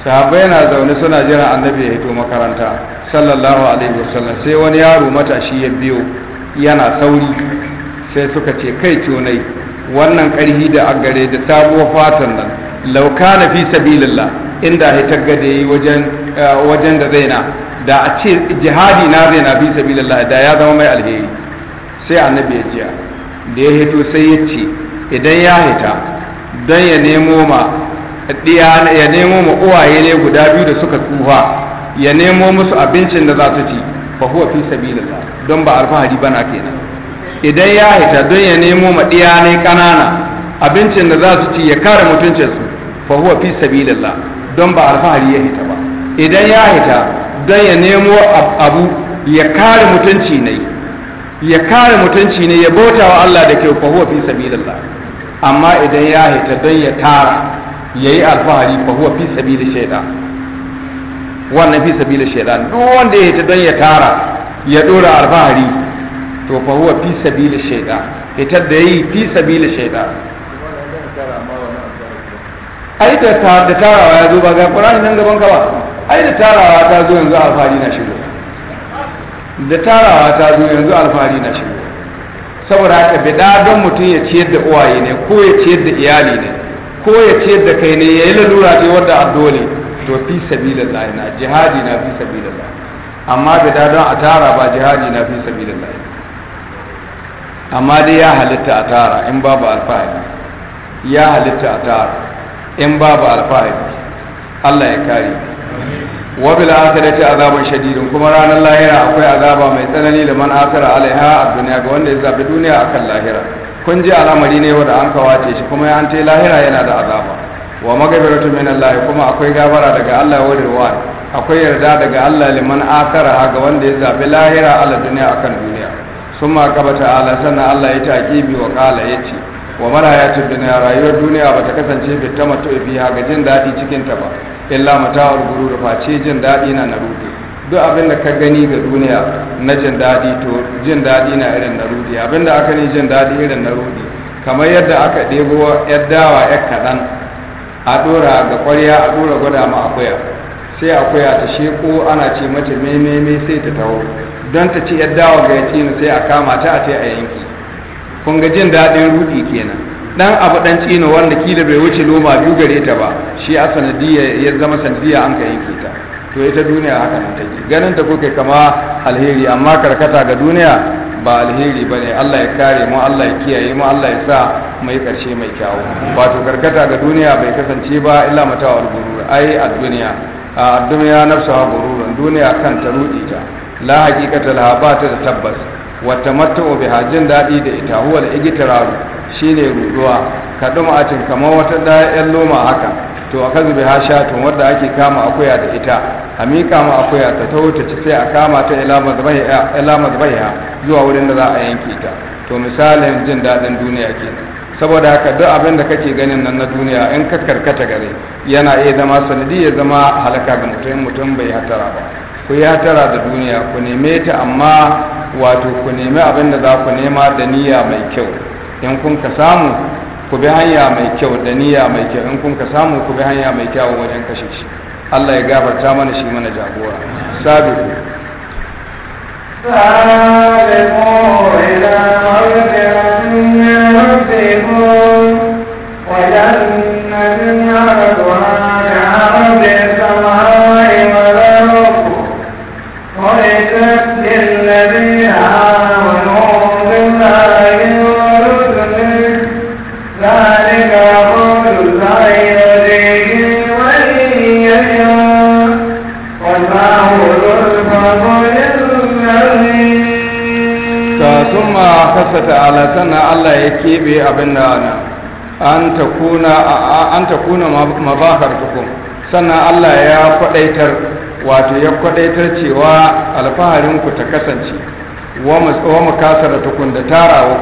sahabbai yana zaune suna jira annabi ya hito makaranta sallallahu alaihi wasallam sai wani yaro matashi ya biyo yana sauri sai suka ce kai tonai wannan karhi da agare da sabuwar fatan nan lauka na fi sabilillah inda hitar gada yi wajen da zaina da a ce jihadi na zaina bi sabilillah da ya zama mai alheri sai annabi ya jiya da ya hito sai ya ce idan ya hita don ya nemo ma ya nemo ma uwaye ne guda biyu da suka tsufa ya nemo musu abincin da za su ci fa huwa fi sabilillah don ba alfahari bana kenan idan ya hita don ya nemo ma ɗiya ne ƙanana abincin da za su ci ya kare mutuncinsu fa huwa fi sabilillah don ba alfahari ya hita ba idan ya hita don ya nemo abu ya kare mutunci ne ya kare mutunci ne ya bauta wa Allah da kyau fa huwa fi sabilillah amma idan ya hita don ya tara yayi alfahari fahuwa huwa fi sabili shaida. wannan fi sabili shaida. duk wanda ya hita don ya tara ya dora alfahari to fahuwa huwa fi sabili shaida hitar da yayi fi sabili shaida. ai da tarawa ya zo ba ga qur'ani nan gaban ka ba ai da tarawa ta zo yanzu alfahari na shigo da tarawa ta zo yanzu alfahari na shigo saboda haka bida don mutum ya ciyar da uwaye ne ko ya ciyar da iyali ne ko ya ciyar da kai ne ya yi lalura ce wanda addole to fi sabilillah na jihadi na fi sabilillah amma bida don a tara ba jihadi na fi sabilillah amma dai ya halitta a tara in babu alfahari ya halitta a tara in babu alfahari Allah ya kare wa bil akhirati azaban shadidun kuma ranar lahira akwai azaba mai tsanani da man akhara alaiha a duniya ga wanda ya zabi duniya akan lahira kun ji al'amari ne wanda an kawace shi kuma an ce lahira yana da azaba wa magabiratu min Allah kuma akwai gabara daga Allah wa rirwa akwai yarda daga Allah liman akhara ga wanda ya zabi lahira a duniya akan duniya summa qabata ala sanna Allah ya taqibi wa qala yace wa mara ya ce duniya rayuwar duniya ba ta kasance fitta mata biya ga jin daɗi cikin ta ba illa mata'ul da face jin daɗi na na ruɗe duk abin da ka gani ga duniya na jin daɗi to jin daɗi na irin na ruɗe abin da aka ne jin daɗi irin na ruɗe kamar yadda aka ɗebo yar dawa yar kaɗan a ɗora ga ƙwarya a ɗora gwada ma akuya sai akuya ta sheko ana ce mace me me sai ta taho don ta ci yar dawa ga yaci sai a kama ta a ce a yanki kun ga jin daɗin rudi kenan dan abu dan tsino wanda kila bai wuce loma biyu gare ta ba shi a sanadiya ya zama sanadiyya an ka yanke ta to ita duniya haka ne take ganin ta kuke kama alheri amma karkata ga duniya ba alheri bane Allah ya kare mu Allah ya kiyaye mu Allah ya sa mai karshe mai kyawu wato karkata ga duniya bai kasance ba illa mata wal gurur ai a duniya a duniya nafsa gururun duniya kan ta rudi ta la haqiqata habata da tabbas Wata tamattu biha jin daɗi da ita huwa da shi ne ruduwa ka cin kamar wata da'yan loma haka to a aka zube ha tun wanda ake kama akuya da ita a miƙa ma akuya ta ta ta ci sai a kama ta ila mazbaiha zuwa wurin da za a yanke ta to misalin jin daɗin duniya ke. saboda haka duk abin da kake ganin nan na duniya in ka karkata gare yana iya zama sanadi ya zama halaka ga mutum mutum bai hatara ba ku yi hatara da duniya ku neme ta amma wato ku nemi abin da za ku nema da niyya mai kyau in kun ka samu ku bi hanya mai kyau da niyya mai kyau in kun ka samu ku bi hanya mai kyau wajen kashe shi Allah ya gafarta mana shi mana jagora sabiqu ila Allah ya keɓe abin da ana an ta kuna mazahar tukun sannan Allah ya kwadaitar wato ya kwadaitar cewa alfaharinku ta kasance wa makasar tukun da tarawa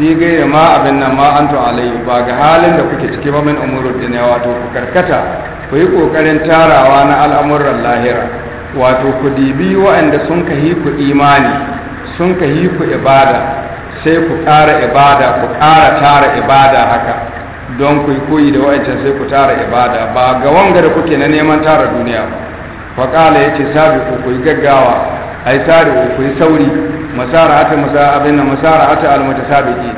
fi gaira ma abin nan ma an alayhi ba ga halin da kuke ciki ba min umurud dunya wato ku karkata ku yi kokarin tarawa na al'amuran lahira wato ku dibi waɗanda sun kahi ku imani sun kahi ku ibada sai ku ƙara ibada ku ƙara tara ibada haka don ku yi koyi da wa'ancan sai ku tara ibada ba ga wanga da kuke na neman tara duniya ba faƙala ya ce sabi ku ku yi gaggawa ai sari ku yi sauri masara ata abin nan masara ata almutasabiki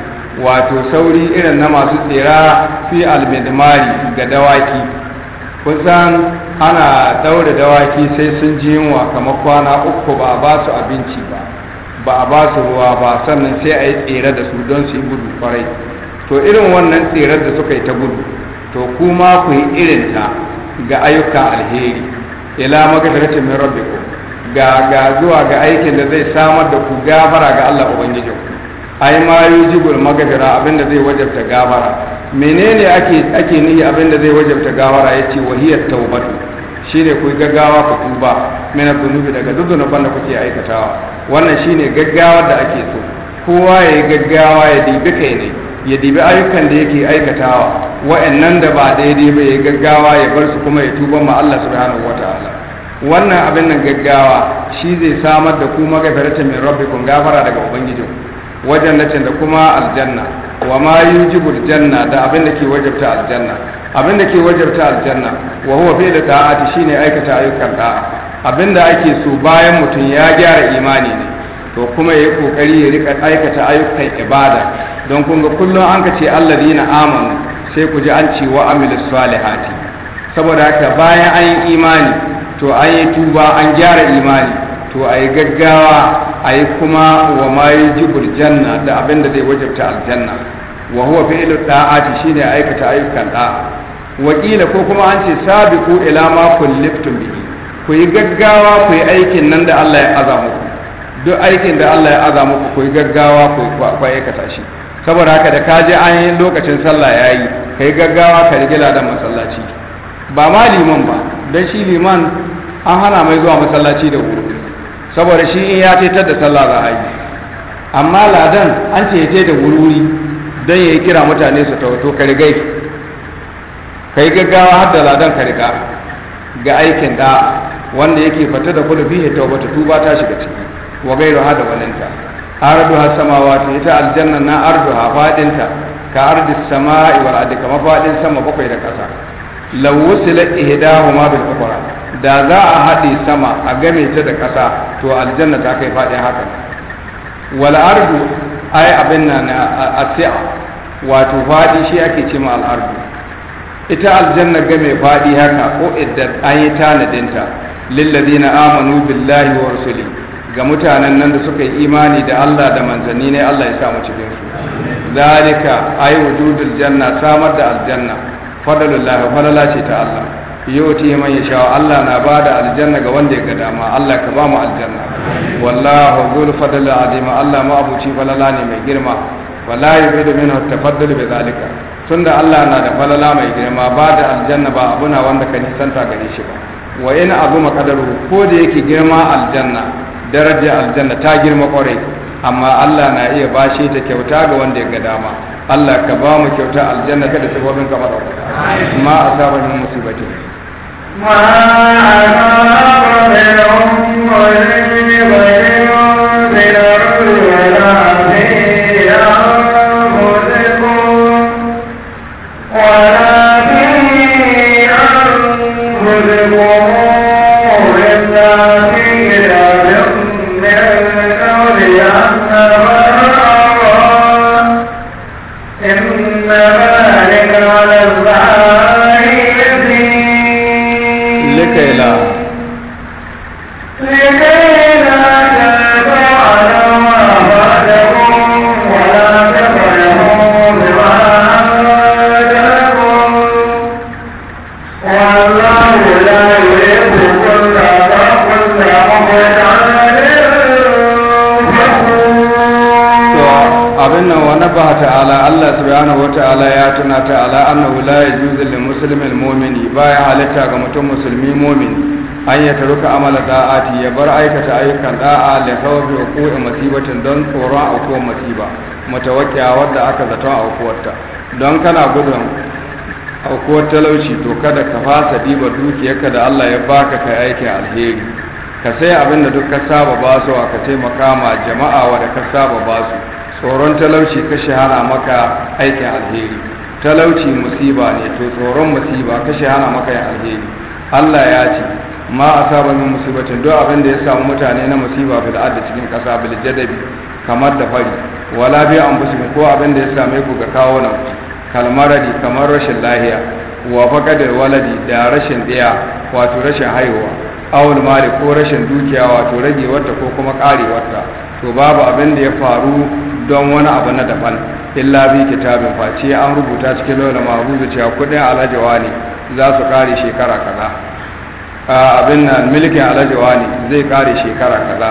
wato sauri irin na masu tsira fi almidmari ga dawaki kusan ana daure dawaki sai sun ji yunwa kamar kwana uku ba ba su abinci ba ba a ba su ruwa ba sannan sai a yi tsere da su don su yi gudu kwarai to irin wannan tserar da suka yi ta gudu to kuma ku yi irinta ga ayyuka alheri ila magashirci min rabbiku ga ga zuwa ga aikin da zai samar da ku gabara ga Allah ubangiji ai ma yi jigul magafira abinda zai wajabta gabara. menene ake ake niyya abinda zai wajabta gabara yace wahiyat tawbatu shine ku gaggawa ku tuba mina zunubi daga duk zunuban da kuke aikatawa wannan shine gaggawa da ake so kowa ya yi gaggawa ya dibi kai ne ya dibi ayyukan da yake aikatawa wa'annan da ba daidai ba ya gaggawa ya bar su kuma ya tuba ma Allah subhanahu wataala wannan abin nan gaggawa shi zai samar da ku magafirata min rabbikum gafara daga ubangiji wajen da kuma aljanna wa ma yujibul janna da abin da ke wajabta aljanna Abin da ke wajarta aljanna wa huwa fi da ta'ati shine aikata ayyukan da'a abinda ake so bayan mutum ya gyara imani ne to kuma yayi kokari ya rika aikata ayyukan ibada don kun ga kullum an ka ce dina amanu sai ku ji an ce wa amilus salihati saboda haka bayan an yi imani to an yi tuba an gyara imani to a yi gaggawa a yi kuma wa yi jibul janna da abinda zai wajabta aljanna wa huwa fi'lu da'ati shine aikata ayyukan da'a wakila ko kuma an ce sabiqu ila ma kulliftum bihi ku yi gaggawa ku yi aikin nan da Allah ya aza muku duk aikin da Allah ya aza muku ku yi gaggawa ku yi aikata shi saboda haka da kaje an yi lokacin sallah yayi ka yi gaggawa ka rigila da masallaci ba ma liman ba dan shi liman an hana mai zuwa masallaci da wuri saboda shi in ya ce da sallah za a yi amma ladan an ce ya da wuri dan ya kira mutane su tawato ka rigai Kai gaggawa har da ladan ka riga ga aikin da wanda yake fata da kudu fiye ta wata tuba ta shiga ciki wa gairu ha da waninta arduha samawati ita aljanna na ardu ha fadinta ka ardi sama'i wal ardi kama fadin sama bakwai da kasa law wusila ihdahuma bil ukhra da za a haɗe sama a game ta da kasa to aljanna ta kai fadin haka wal ardu ay abinna na asi'a wato fadi shi ake cewa al ardu ita aljanna ga mai faɗi haka ko idan an yi tanadinta lillazina amanu billahi wa rasuli ga mutanen nan da suka yi imani da Allah da manzanni ne Allah ya sa mu cikin su zalika ay wujudul janna samar da aljanna fadlullah ce ta Allah yoti man yasha Allah na bada aljanna ga wanda ya ga dama Allah ka ba mu aljanna wallahu zul fadl azima Allah ma abuci falala ne mai girma wala yubidu minhu tafaddul bi zalika tunda Allah na da falala mai girma ba da aljanna ba abuna wanda ka nisanta gare shi ba wa yana abu makadaru ko da yake girma aljanna daraja aljanna ta girma kwarai amma Allah na iya bashe ta kyauta ga wanda ya ga dama Allah ka ba mu kyauta aljanna ka da sabobin ka madaukaka ma asaba min musibati ma asaba min musibati nabbaha ta'ala Allah subhanahu wata'ala ya tuna ta'ala annahu la yajuzu lil muslimi al mu'mini baya halitta ga mutum musulmi mu'mini an ya taruka amala da'ati ya bar aikata ayyukan da'a da kawai uku masibatin don tsoron aukuwar masiba mutawakkiya wadda aka zaton aukuwarta don kana gudun aukuwar talauci to kada ka fasa diba dukiyarka da Allah ya baka kai aikin alheri ka sai abin da duk ka saba su a ka taimaka ma jama'a wanda ka saba basu tsoron talauci kashe hana maka aikin alheri talauci musiba ne to tsoron musiba kashe hana maka yin alheri Allah ya ce ma a saba min musibacin duk abin da ya samu mutane na musiba fil adda cikin kasa bil jadabi kamar da fari wala bi an busu ko abin da ya same ku ga kawo na kamar rashin lahiya wa faqadil waladi da rashin daya wato rashin haihuwa awul mali ko rashin dukiya wato rage wata ko kuma karewarta to babu abin da ya faru don wani abu na daban illa bi kitabin face an rubuta cikin launin mahbubu cewa kudin alajawa ne za su kare shekara kaza abin nan milkin alajawa ne zai kare shekara kaza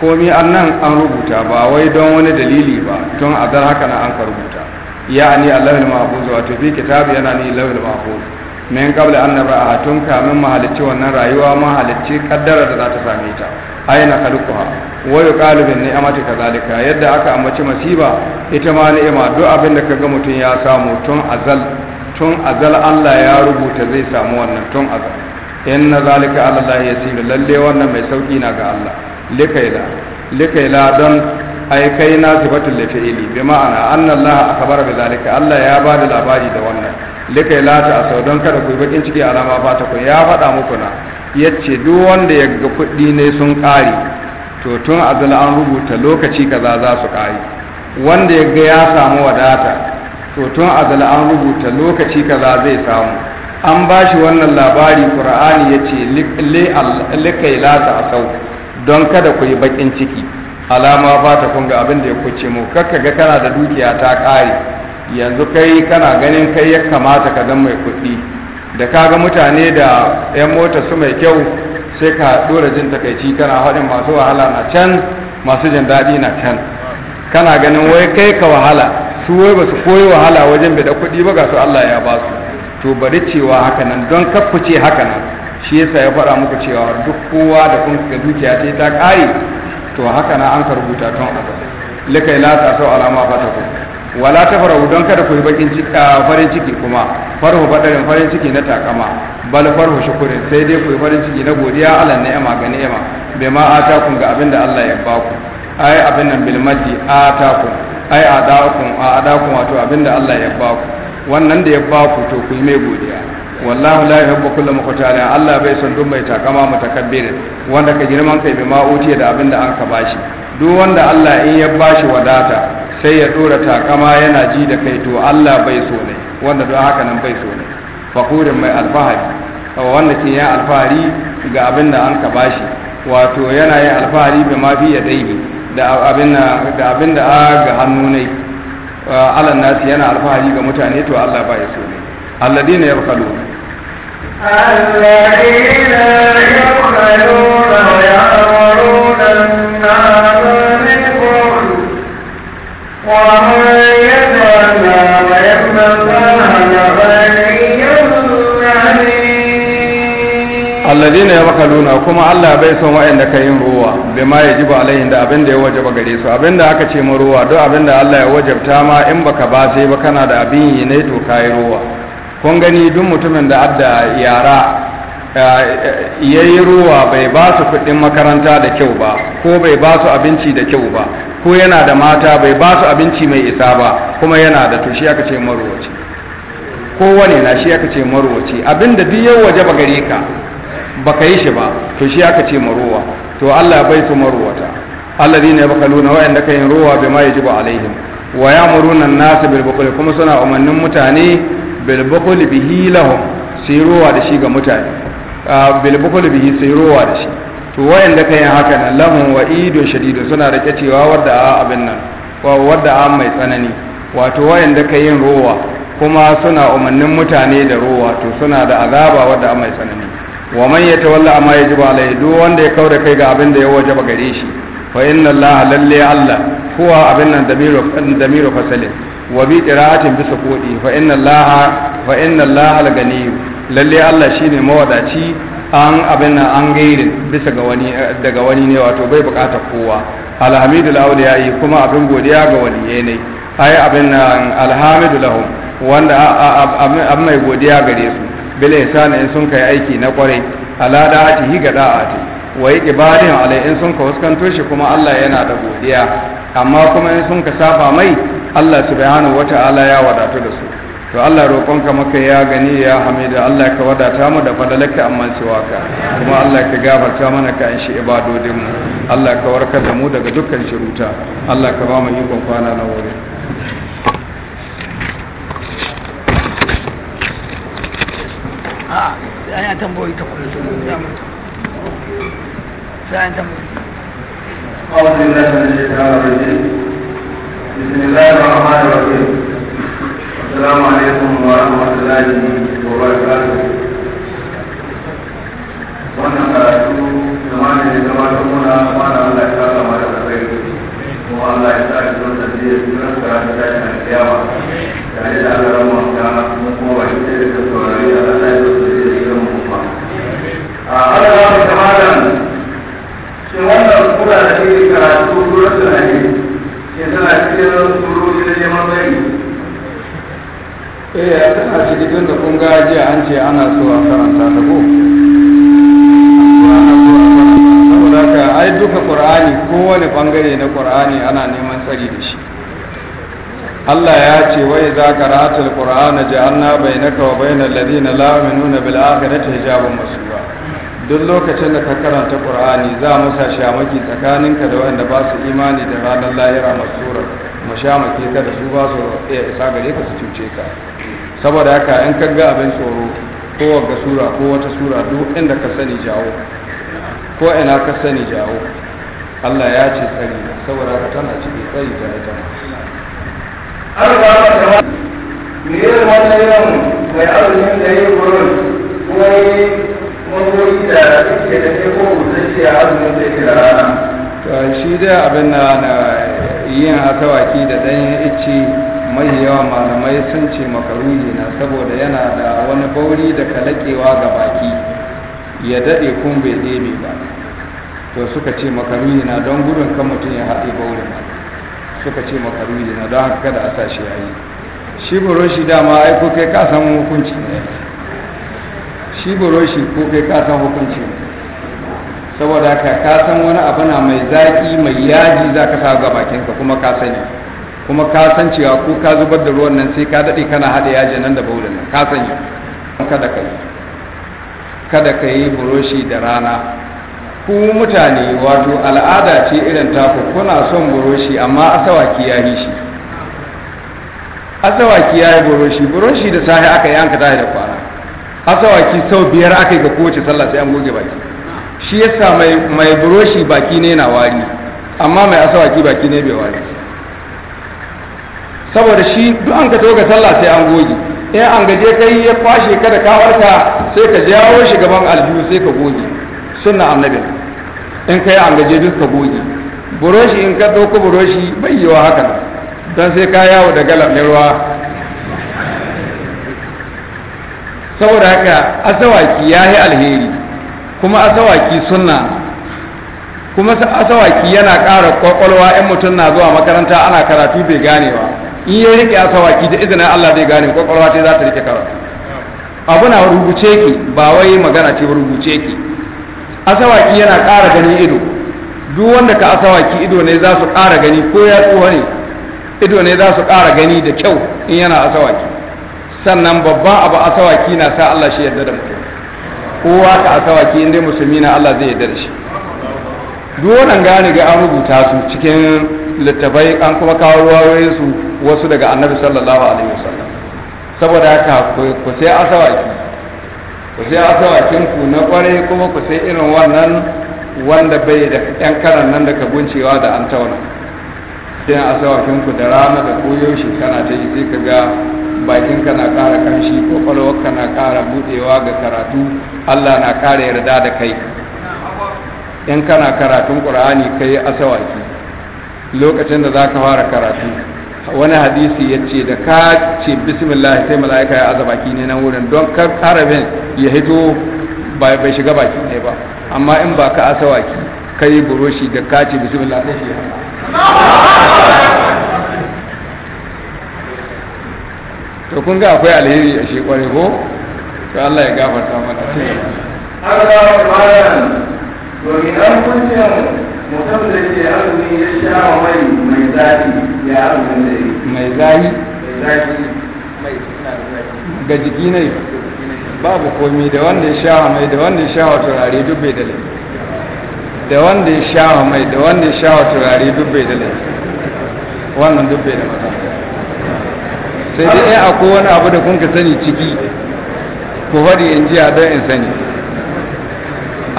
komi an an rubuta ba wai don wani dalili ba tun a zar haka na an ka rubuta ya ni allahul mahfuz wato bi kitabi yana ni lahul mahfuz min kabla an a tun kamin mahalicci wannan rayuwa mahalicci kaddara da za ta same ta aina khalquha wayo amma ni'amati zalika? yadda aka ambaci masiba ita ma ni'ima duk abin da kaga mutum ya samu tun azal tun azal Allah ya rubuta zai samu wannan tun azal inna zalika Allah ya yasir lalle wannan mai sauki na ga Allah likaila likaila don ai kai na sifatul lafi'ili bi ma'ana anna Allah akbar bi zalika Allah ya ba da labari da wannan likaila ta asau don kada ku bakin ciki alama ba ta ku ya faɗa muku na yace duk wanda ya ga kuɗi ne sun ƙare to tun azal an rubuta lokaci kaza za su kai. wanda ya ga ya samu wadata to tun azal an rubuta lokaci kaza zai samu an ba shi wannan labari ƙur'ani yace ce likai la a sau don kada ku yi baƙin ciki alama ba ta kunga abin da ya kuce mu ka ga kana da dukiya ta ƙare yanzu kai kana ganin kai ya kamata ka zama mai kuɗi da kaga mutane da 'yan mota su mai kyau sai ka dora jin takaici kana haɗin masu wahala na can masu jin daɗi na can kana ganin wai kai ka wahala su wai ba su koyi wahala wajen da kuɗi ba ga su Allah ya ba su to bari cewa haka nan don kaffice haka nan shi yasa ya faɗa muku cewa duk kowa da kun ga dukiya ta ta ƙare to haka na an ka rubuta ton a likai la ta sau alama ba ta wala ta fara don kada ku yi bakin farin ciki kuma farin ciki na takama bal farhu shukurin sai dai ku yi farin ciki na godiya ala ni'ima ga ni'ima bai ma ata kun ga abinda Allah ya baku ai abin nan bil mati ata kun ai adakun a kun wato abinda Allah ya baku wannan da ya baku to ku yi mai godiya wallahu la yuhibbu kulla mukhtalin Allah bai son duk mai takama mutakabbir wanda ka girman kai bai ma uce da abinda an ka bashi duk wanda Allah in ya bashi wadata sai ya dora takama yana ji da kai to Allah bai so ne wanda duk haka nan bai so ne faqurin mai alfahari wanda ke yin alfahari ga abin da an ka bashi wato yana yin alfahari da ma fi daidai, da abin da a ga hannu ne alan nasi yana alfahari ga mutane to Allah ba ya so ne alladina yabkhaluna ya yabkhaluna wa ya'muruna ya nas bil ya alladina yabkaluna kuma Allah bai son wa'anda ka yin ruwa bima yajibu alaihim da abinda ya wajaba gare su abinda aka ce mu ruwa duk abinda Allah ya wajabta ma in baka ba sai ba kana da abin yi ne to kai ruwa kun gani duk mutumin da adda yara eh, yayi ruwa bai ba su kuɗin makaranta da kyau ba ko bai ba su abinci da kyau ba ko yana da mata bai ba su abinci mai isa ba kuma yana da to shi aka ce ruwa marwaci kowane na shi aka ce ruwa marwaci abinda duk yau waje ba gare ka baka yi shi ba to shi aka ce maruwa to Allah bai baitu maruwata alladhina yabqaluna wa inda kayin ruwa bima yajibu alaihim wa ya'muruna an-nas bil bukhli kuma suna umannin mutane bil bukhli bihi lahum sai ruwa da shi ga mutane ah, bil bukhli bihi sai ruwa da shi to wayan da kayin haka nan lahum wa'idun shadidun suna rike cewa wadda abin nan wa wadda mai tsanani wato wayan da kayin ruwa kuma suna umarnin mutane da ruwa to suna da azaba wadda mai tsanani wa man yatawalla amma yajibu alai duk wanda ya kaura kai ga abin da ya wajaba gare shi fa inna allaha lalle allah huwa abin nan damiru damiru fasalin wa bi qira'atin bi suqudi fa inna allaha fa inna allaha al-ghani lalle allah shine mawadaci an abin nan an gairin bisa ga wani daga wani ne wato bai bukata kowa alhamidu lahu ya yi kuma abin godiya ga wani ne ai abin nan alhamidu lahu wanda abin mai godiya gare su bile sani in sun kai aiki na kwarai ala higa ga da'ati wa ibadin alai in sun ka huskanto shi kuma Allah yana da godiya amma kuma in sun ka safa mai Allah wata wata'ala ya wadatu da su to Allah roƙonka maka ya gani ya hamida Allah ka wadata mu da fadalaka amman ka. kuma Allah ka gafarta mana ka in shi ibadodin mu Allah ka warkar da mu daga dukkan shiruta Allah ka ba mu ikon kwana na wuri a sai an tambayoyi ta kullum sai an tambayoyi أعوذ بالله من الشيطان الرجيم بسم الله الرحمن الرحيم السلام عليكم ورحمة الله وبركاته wannan karatu zama ne da zama ta muna mana Allah ya saka mata da kai kuma Allah ya sa ki wata da ya tsira karatu ta shi na kiyama tare da Allah ya mun kuma ba shi da saurari Allah ya eh tana cikin tun da kun gaji an ce ana so a karanta ta ko saboda ka ai duka qur'ani kowane bangare na ƙur'ani ana neman tsari da shi Allah ya ce wa idza qara'atil qur'ana ja'alna bainaka wa na ladina la yu'minuna bil akhirati hijaban masuwa duk lokacin da ka karanta qur'ani za mu sa shamaki tsakaninka da wanda ba su imani da ranar lahira masura mu shamake ka da su ba su iya isa gare ka su cuce ka saboda haka in ka ga abin tsoro ko wagga sura ko wata sura duk inda ka sani jawo ko ina ka sani jawo Allah ya ce tsari saboda haka tana ciki tsari ta ita an ba ka me yawan wannan yawan mai arzikin da ya yi gurin kuma magoyi da da ke shi a da ke dai abin na yin asawaki da ɗanyen icci mai yawa malamai sun ce makaruhi na saboda yana da wani bauri da kalakewa ga baki ya daɗe kun bai ɗebe ba to suka ce makaruhi na don gudun kan mutum ya haɗe ba suka ce makaruhi na don haka kada a sa shi yayi shi buroshi dama aiko kai ka samu hukunci ne shi buroshi, shi ko kai ka san hukunci saboda ka ka san wani abu na mai zaki, mai yaji za ka sa ga bakinka kuma ka sani kuma ka san cewa ko ka zubar da ruwan nan sai ka daɗe kana haɗa yaji nan da baurin nan ka sani kada ka yi kada ka yi buroshi da rana ku mutane wato al'ada ce irin taku kuna son buroshi amma asawaki ya yi shi asawaki ya yi buroshi buroshi da sahi aka yi an ka tashi da kwana ki sau biyar aka yi ga kowace sallah sai an goge baki shi yasa mai buroshi baki ne na wari amma mai asawaki baki ne bai wari saboda shi duk an ka toga sallah sai an goge in an gaje kai ya kwashe ka da kawarka sai ka jawo shi gaban aljihu sai ka goge sunna annabi in kai an gaje duk ka goge buroshi in ka doko buroshi bai yiwa haka don sai ka yawo da galam ruwa saboda haka asawaki ya yi alheri kuma asawaki sunna kuma asawaki yana ƙara kwakwalwa in mutum na zuwa makaranta ana karatu bai ganewa in ya rike asawaki da izinin Allah bai gane kwakwalwa ta za ta rike karatu abu na rubuce ki ba wai magana ce rubuce ki asawaki yana ƙara ganin ido duk wanda ka asawaki ido ne za su ƙara gani ko ya tsoho ne ido ne za su ƙara gani da kyau in yana asawaki sannan babban abu asawaki na sa Allah shi yarda da mutum kowa ka asawaki inda musulmi na Allah zai yarda da shi duk wannan gane ga an rubuta su cikin littafai an kuma kawo ruwayoyin su wasu daga annabi sallallahu alaihi wasallam saboda haka ku sai asawaki ku sai asawakin ku na kware kuma ku sai irin wannan wanda bai da yan karan nan da ka guncewa da an tauna sai asawakin ku da rana da koyo shi kana ta yi sai ka ga ka na ƙara kamshi ka na ƙara buɗewa ga karatu allah na ƙara yarda da kai in kana karatun ƙur'ani ka yi asawaki lokacin da za ka fara karatu wani hadisi ya ce da ka ce bismillah sai mala'ika ya aza baki ne nan wurin don kar karabin ya hito bai shiga baki ne ba amma in ba ka asawaki ka yi buroshi da ka ce bismillah sai shi ya to kun ga akwai alheri a shi kwarai ko to Allah ya gafarta mana Allah ya fara domin an kunce mutum da ke azumi ya sha mai mai zafi ya azumi da mai zafi mai zafi ga jiki ne babu komi da wanda ya sha mai da wanda ya sha wa turare duk bai da laifi da wanda ya sha mai da wanda ya sha wa turare duk bai da laifi wannan duk bai da matsala sai dai ya akwai wani abu da kun ka sani ciki ku faɗi in jiya don in sani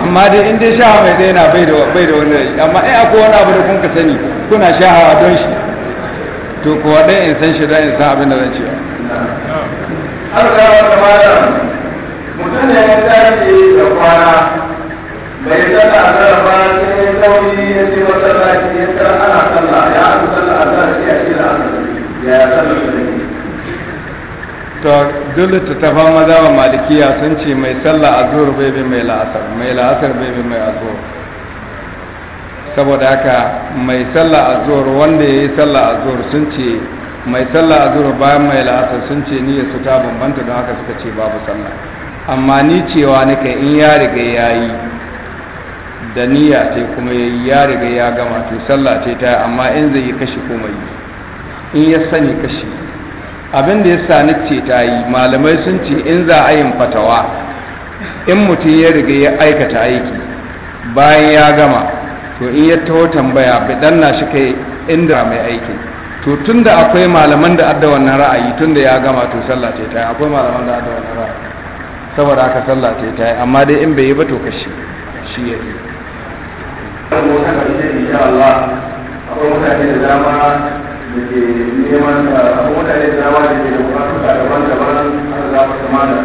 amma dai in dai shaha mai daina bai da bai da wani amma ai akwai wani abu da kun ka sani kuna shahawa don shi to ku faɗi in san shi don in san abin da zan cewa. har da wata malam mutum ne ya tashi da kwana bai zana a zarafa sai ya zauni ya ce masallaci ya tara ana sallah ya an sallah a zarafi a ce da ya sallah to duk littattafan mazhaban malikiya sun ce mai sallah a bai bi mai la'asar mai la'asar bai bi mai azhur saboda haka mai sallah zuwa wanda ya yi sallah zuwa sun ce mai sallah zuwa bayan mai la'asar sun ce niyyar su ta bambanta don haka suka ce babu sallah amma ni cewa kai in ya riga ya yi da niyya ce kuma ya riga ya gama to sallah ce ta amma in zai yi kashi mai in ya sani kashi abin da ya sani ce ta yi malamai sun ce in za a yin fatawa in mutum ya riga ya aikata aiki bayan ya gama to in ya taho tambaya fidan na shi kai inda mai aiki to tun da akwai malaman da adda wannan ra'ayi tun da ya gama to sallah ce ta yi akwai malaman da adda wannan ra'ayi saboda aka sallah ce ta yi amma dai in bai yi ba to kashi shi ya yi akwai mutane da dama da ke neman ah, mutane da dama da ke da daban daban kamala kamala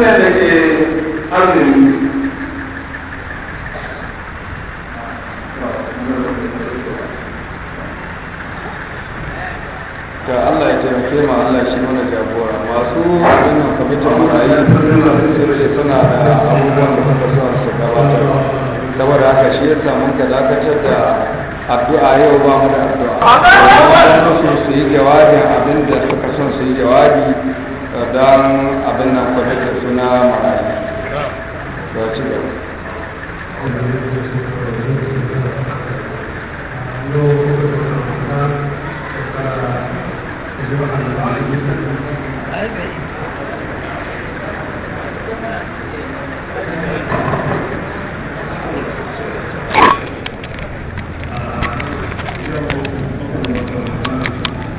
da ke arzini ga Allah ya taimake ma Allah shi mana jagora masu wannan kwamitin marayu suna da abubuwan da suka sa su saboda haka shi yasa mun ka dakatar da addu'a yau ba mu da addu'a sun su yi jawabin abin da suka son su yi jawabi don abin nan kwamitin suna marayi to ci gaba Thank you.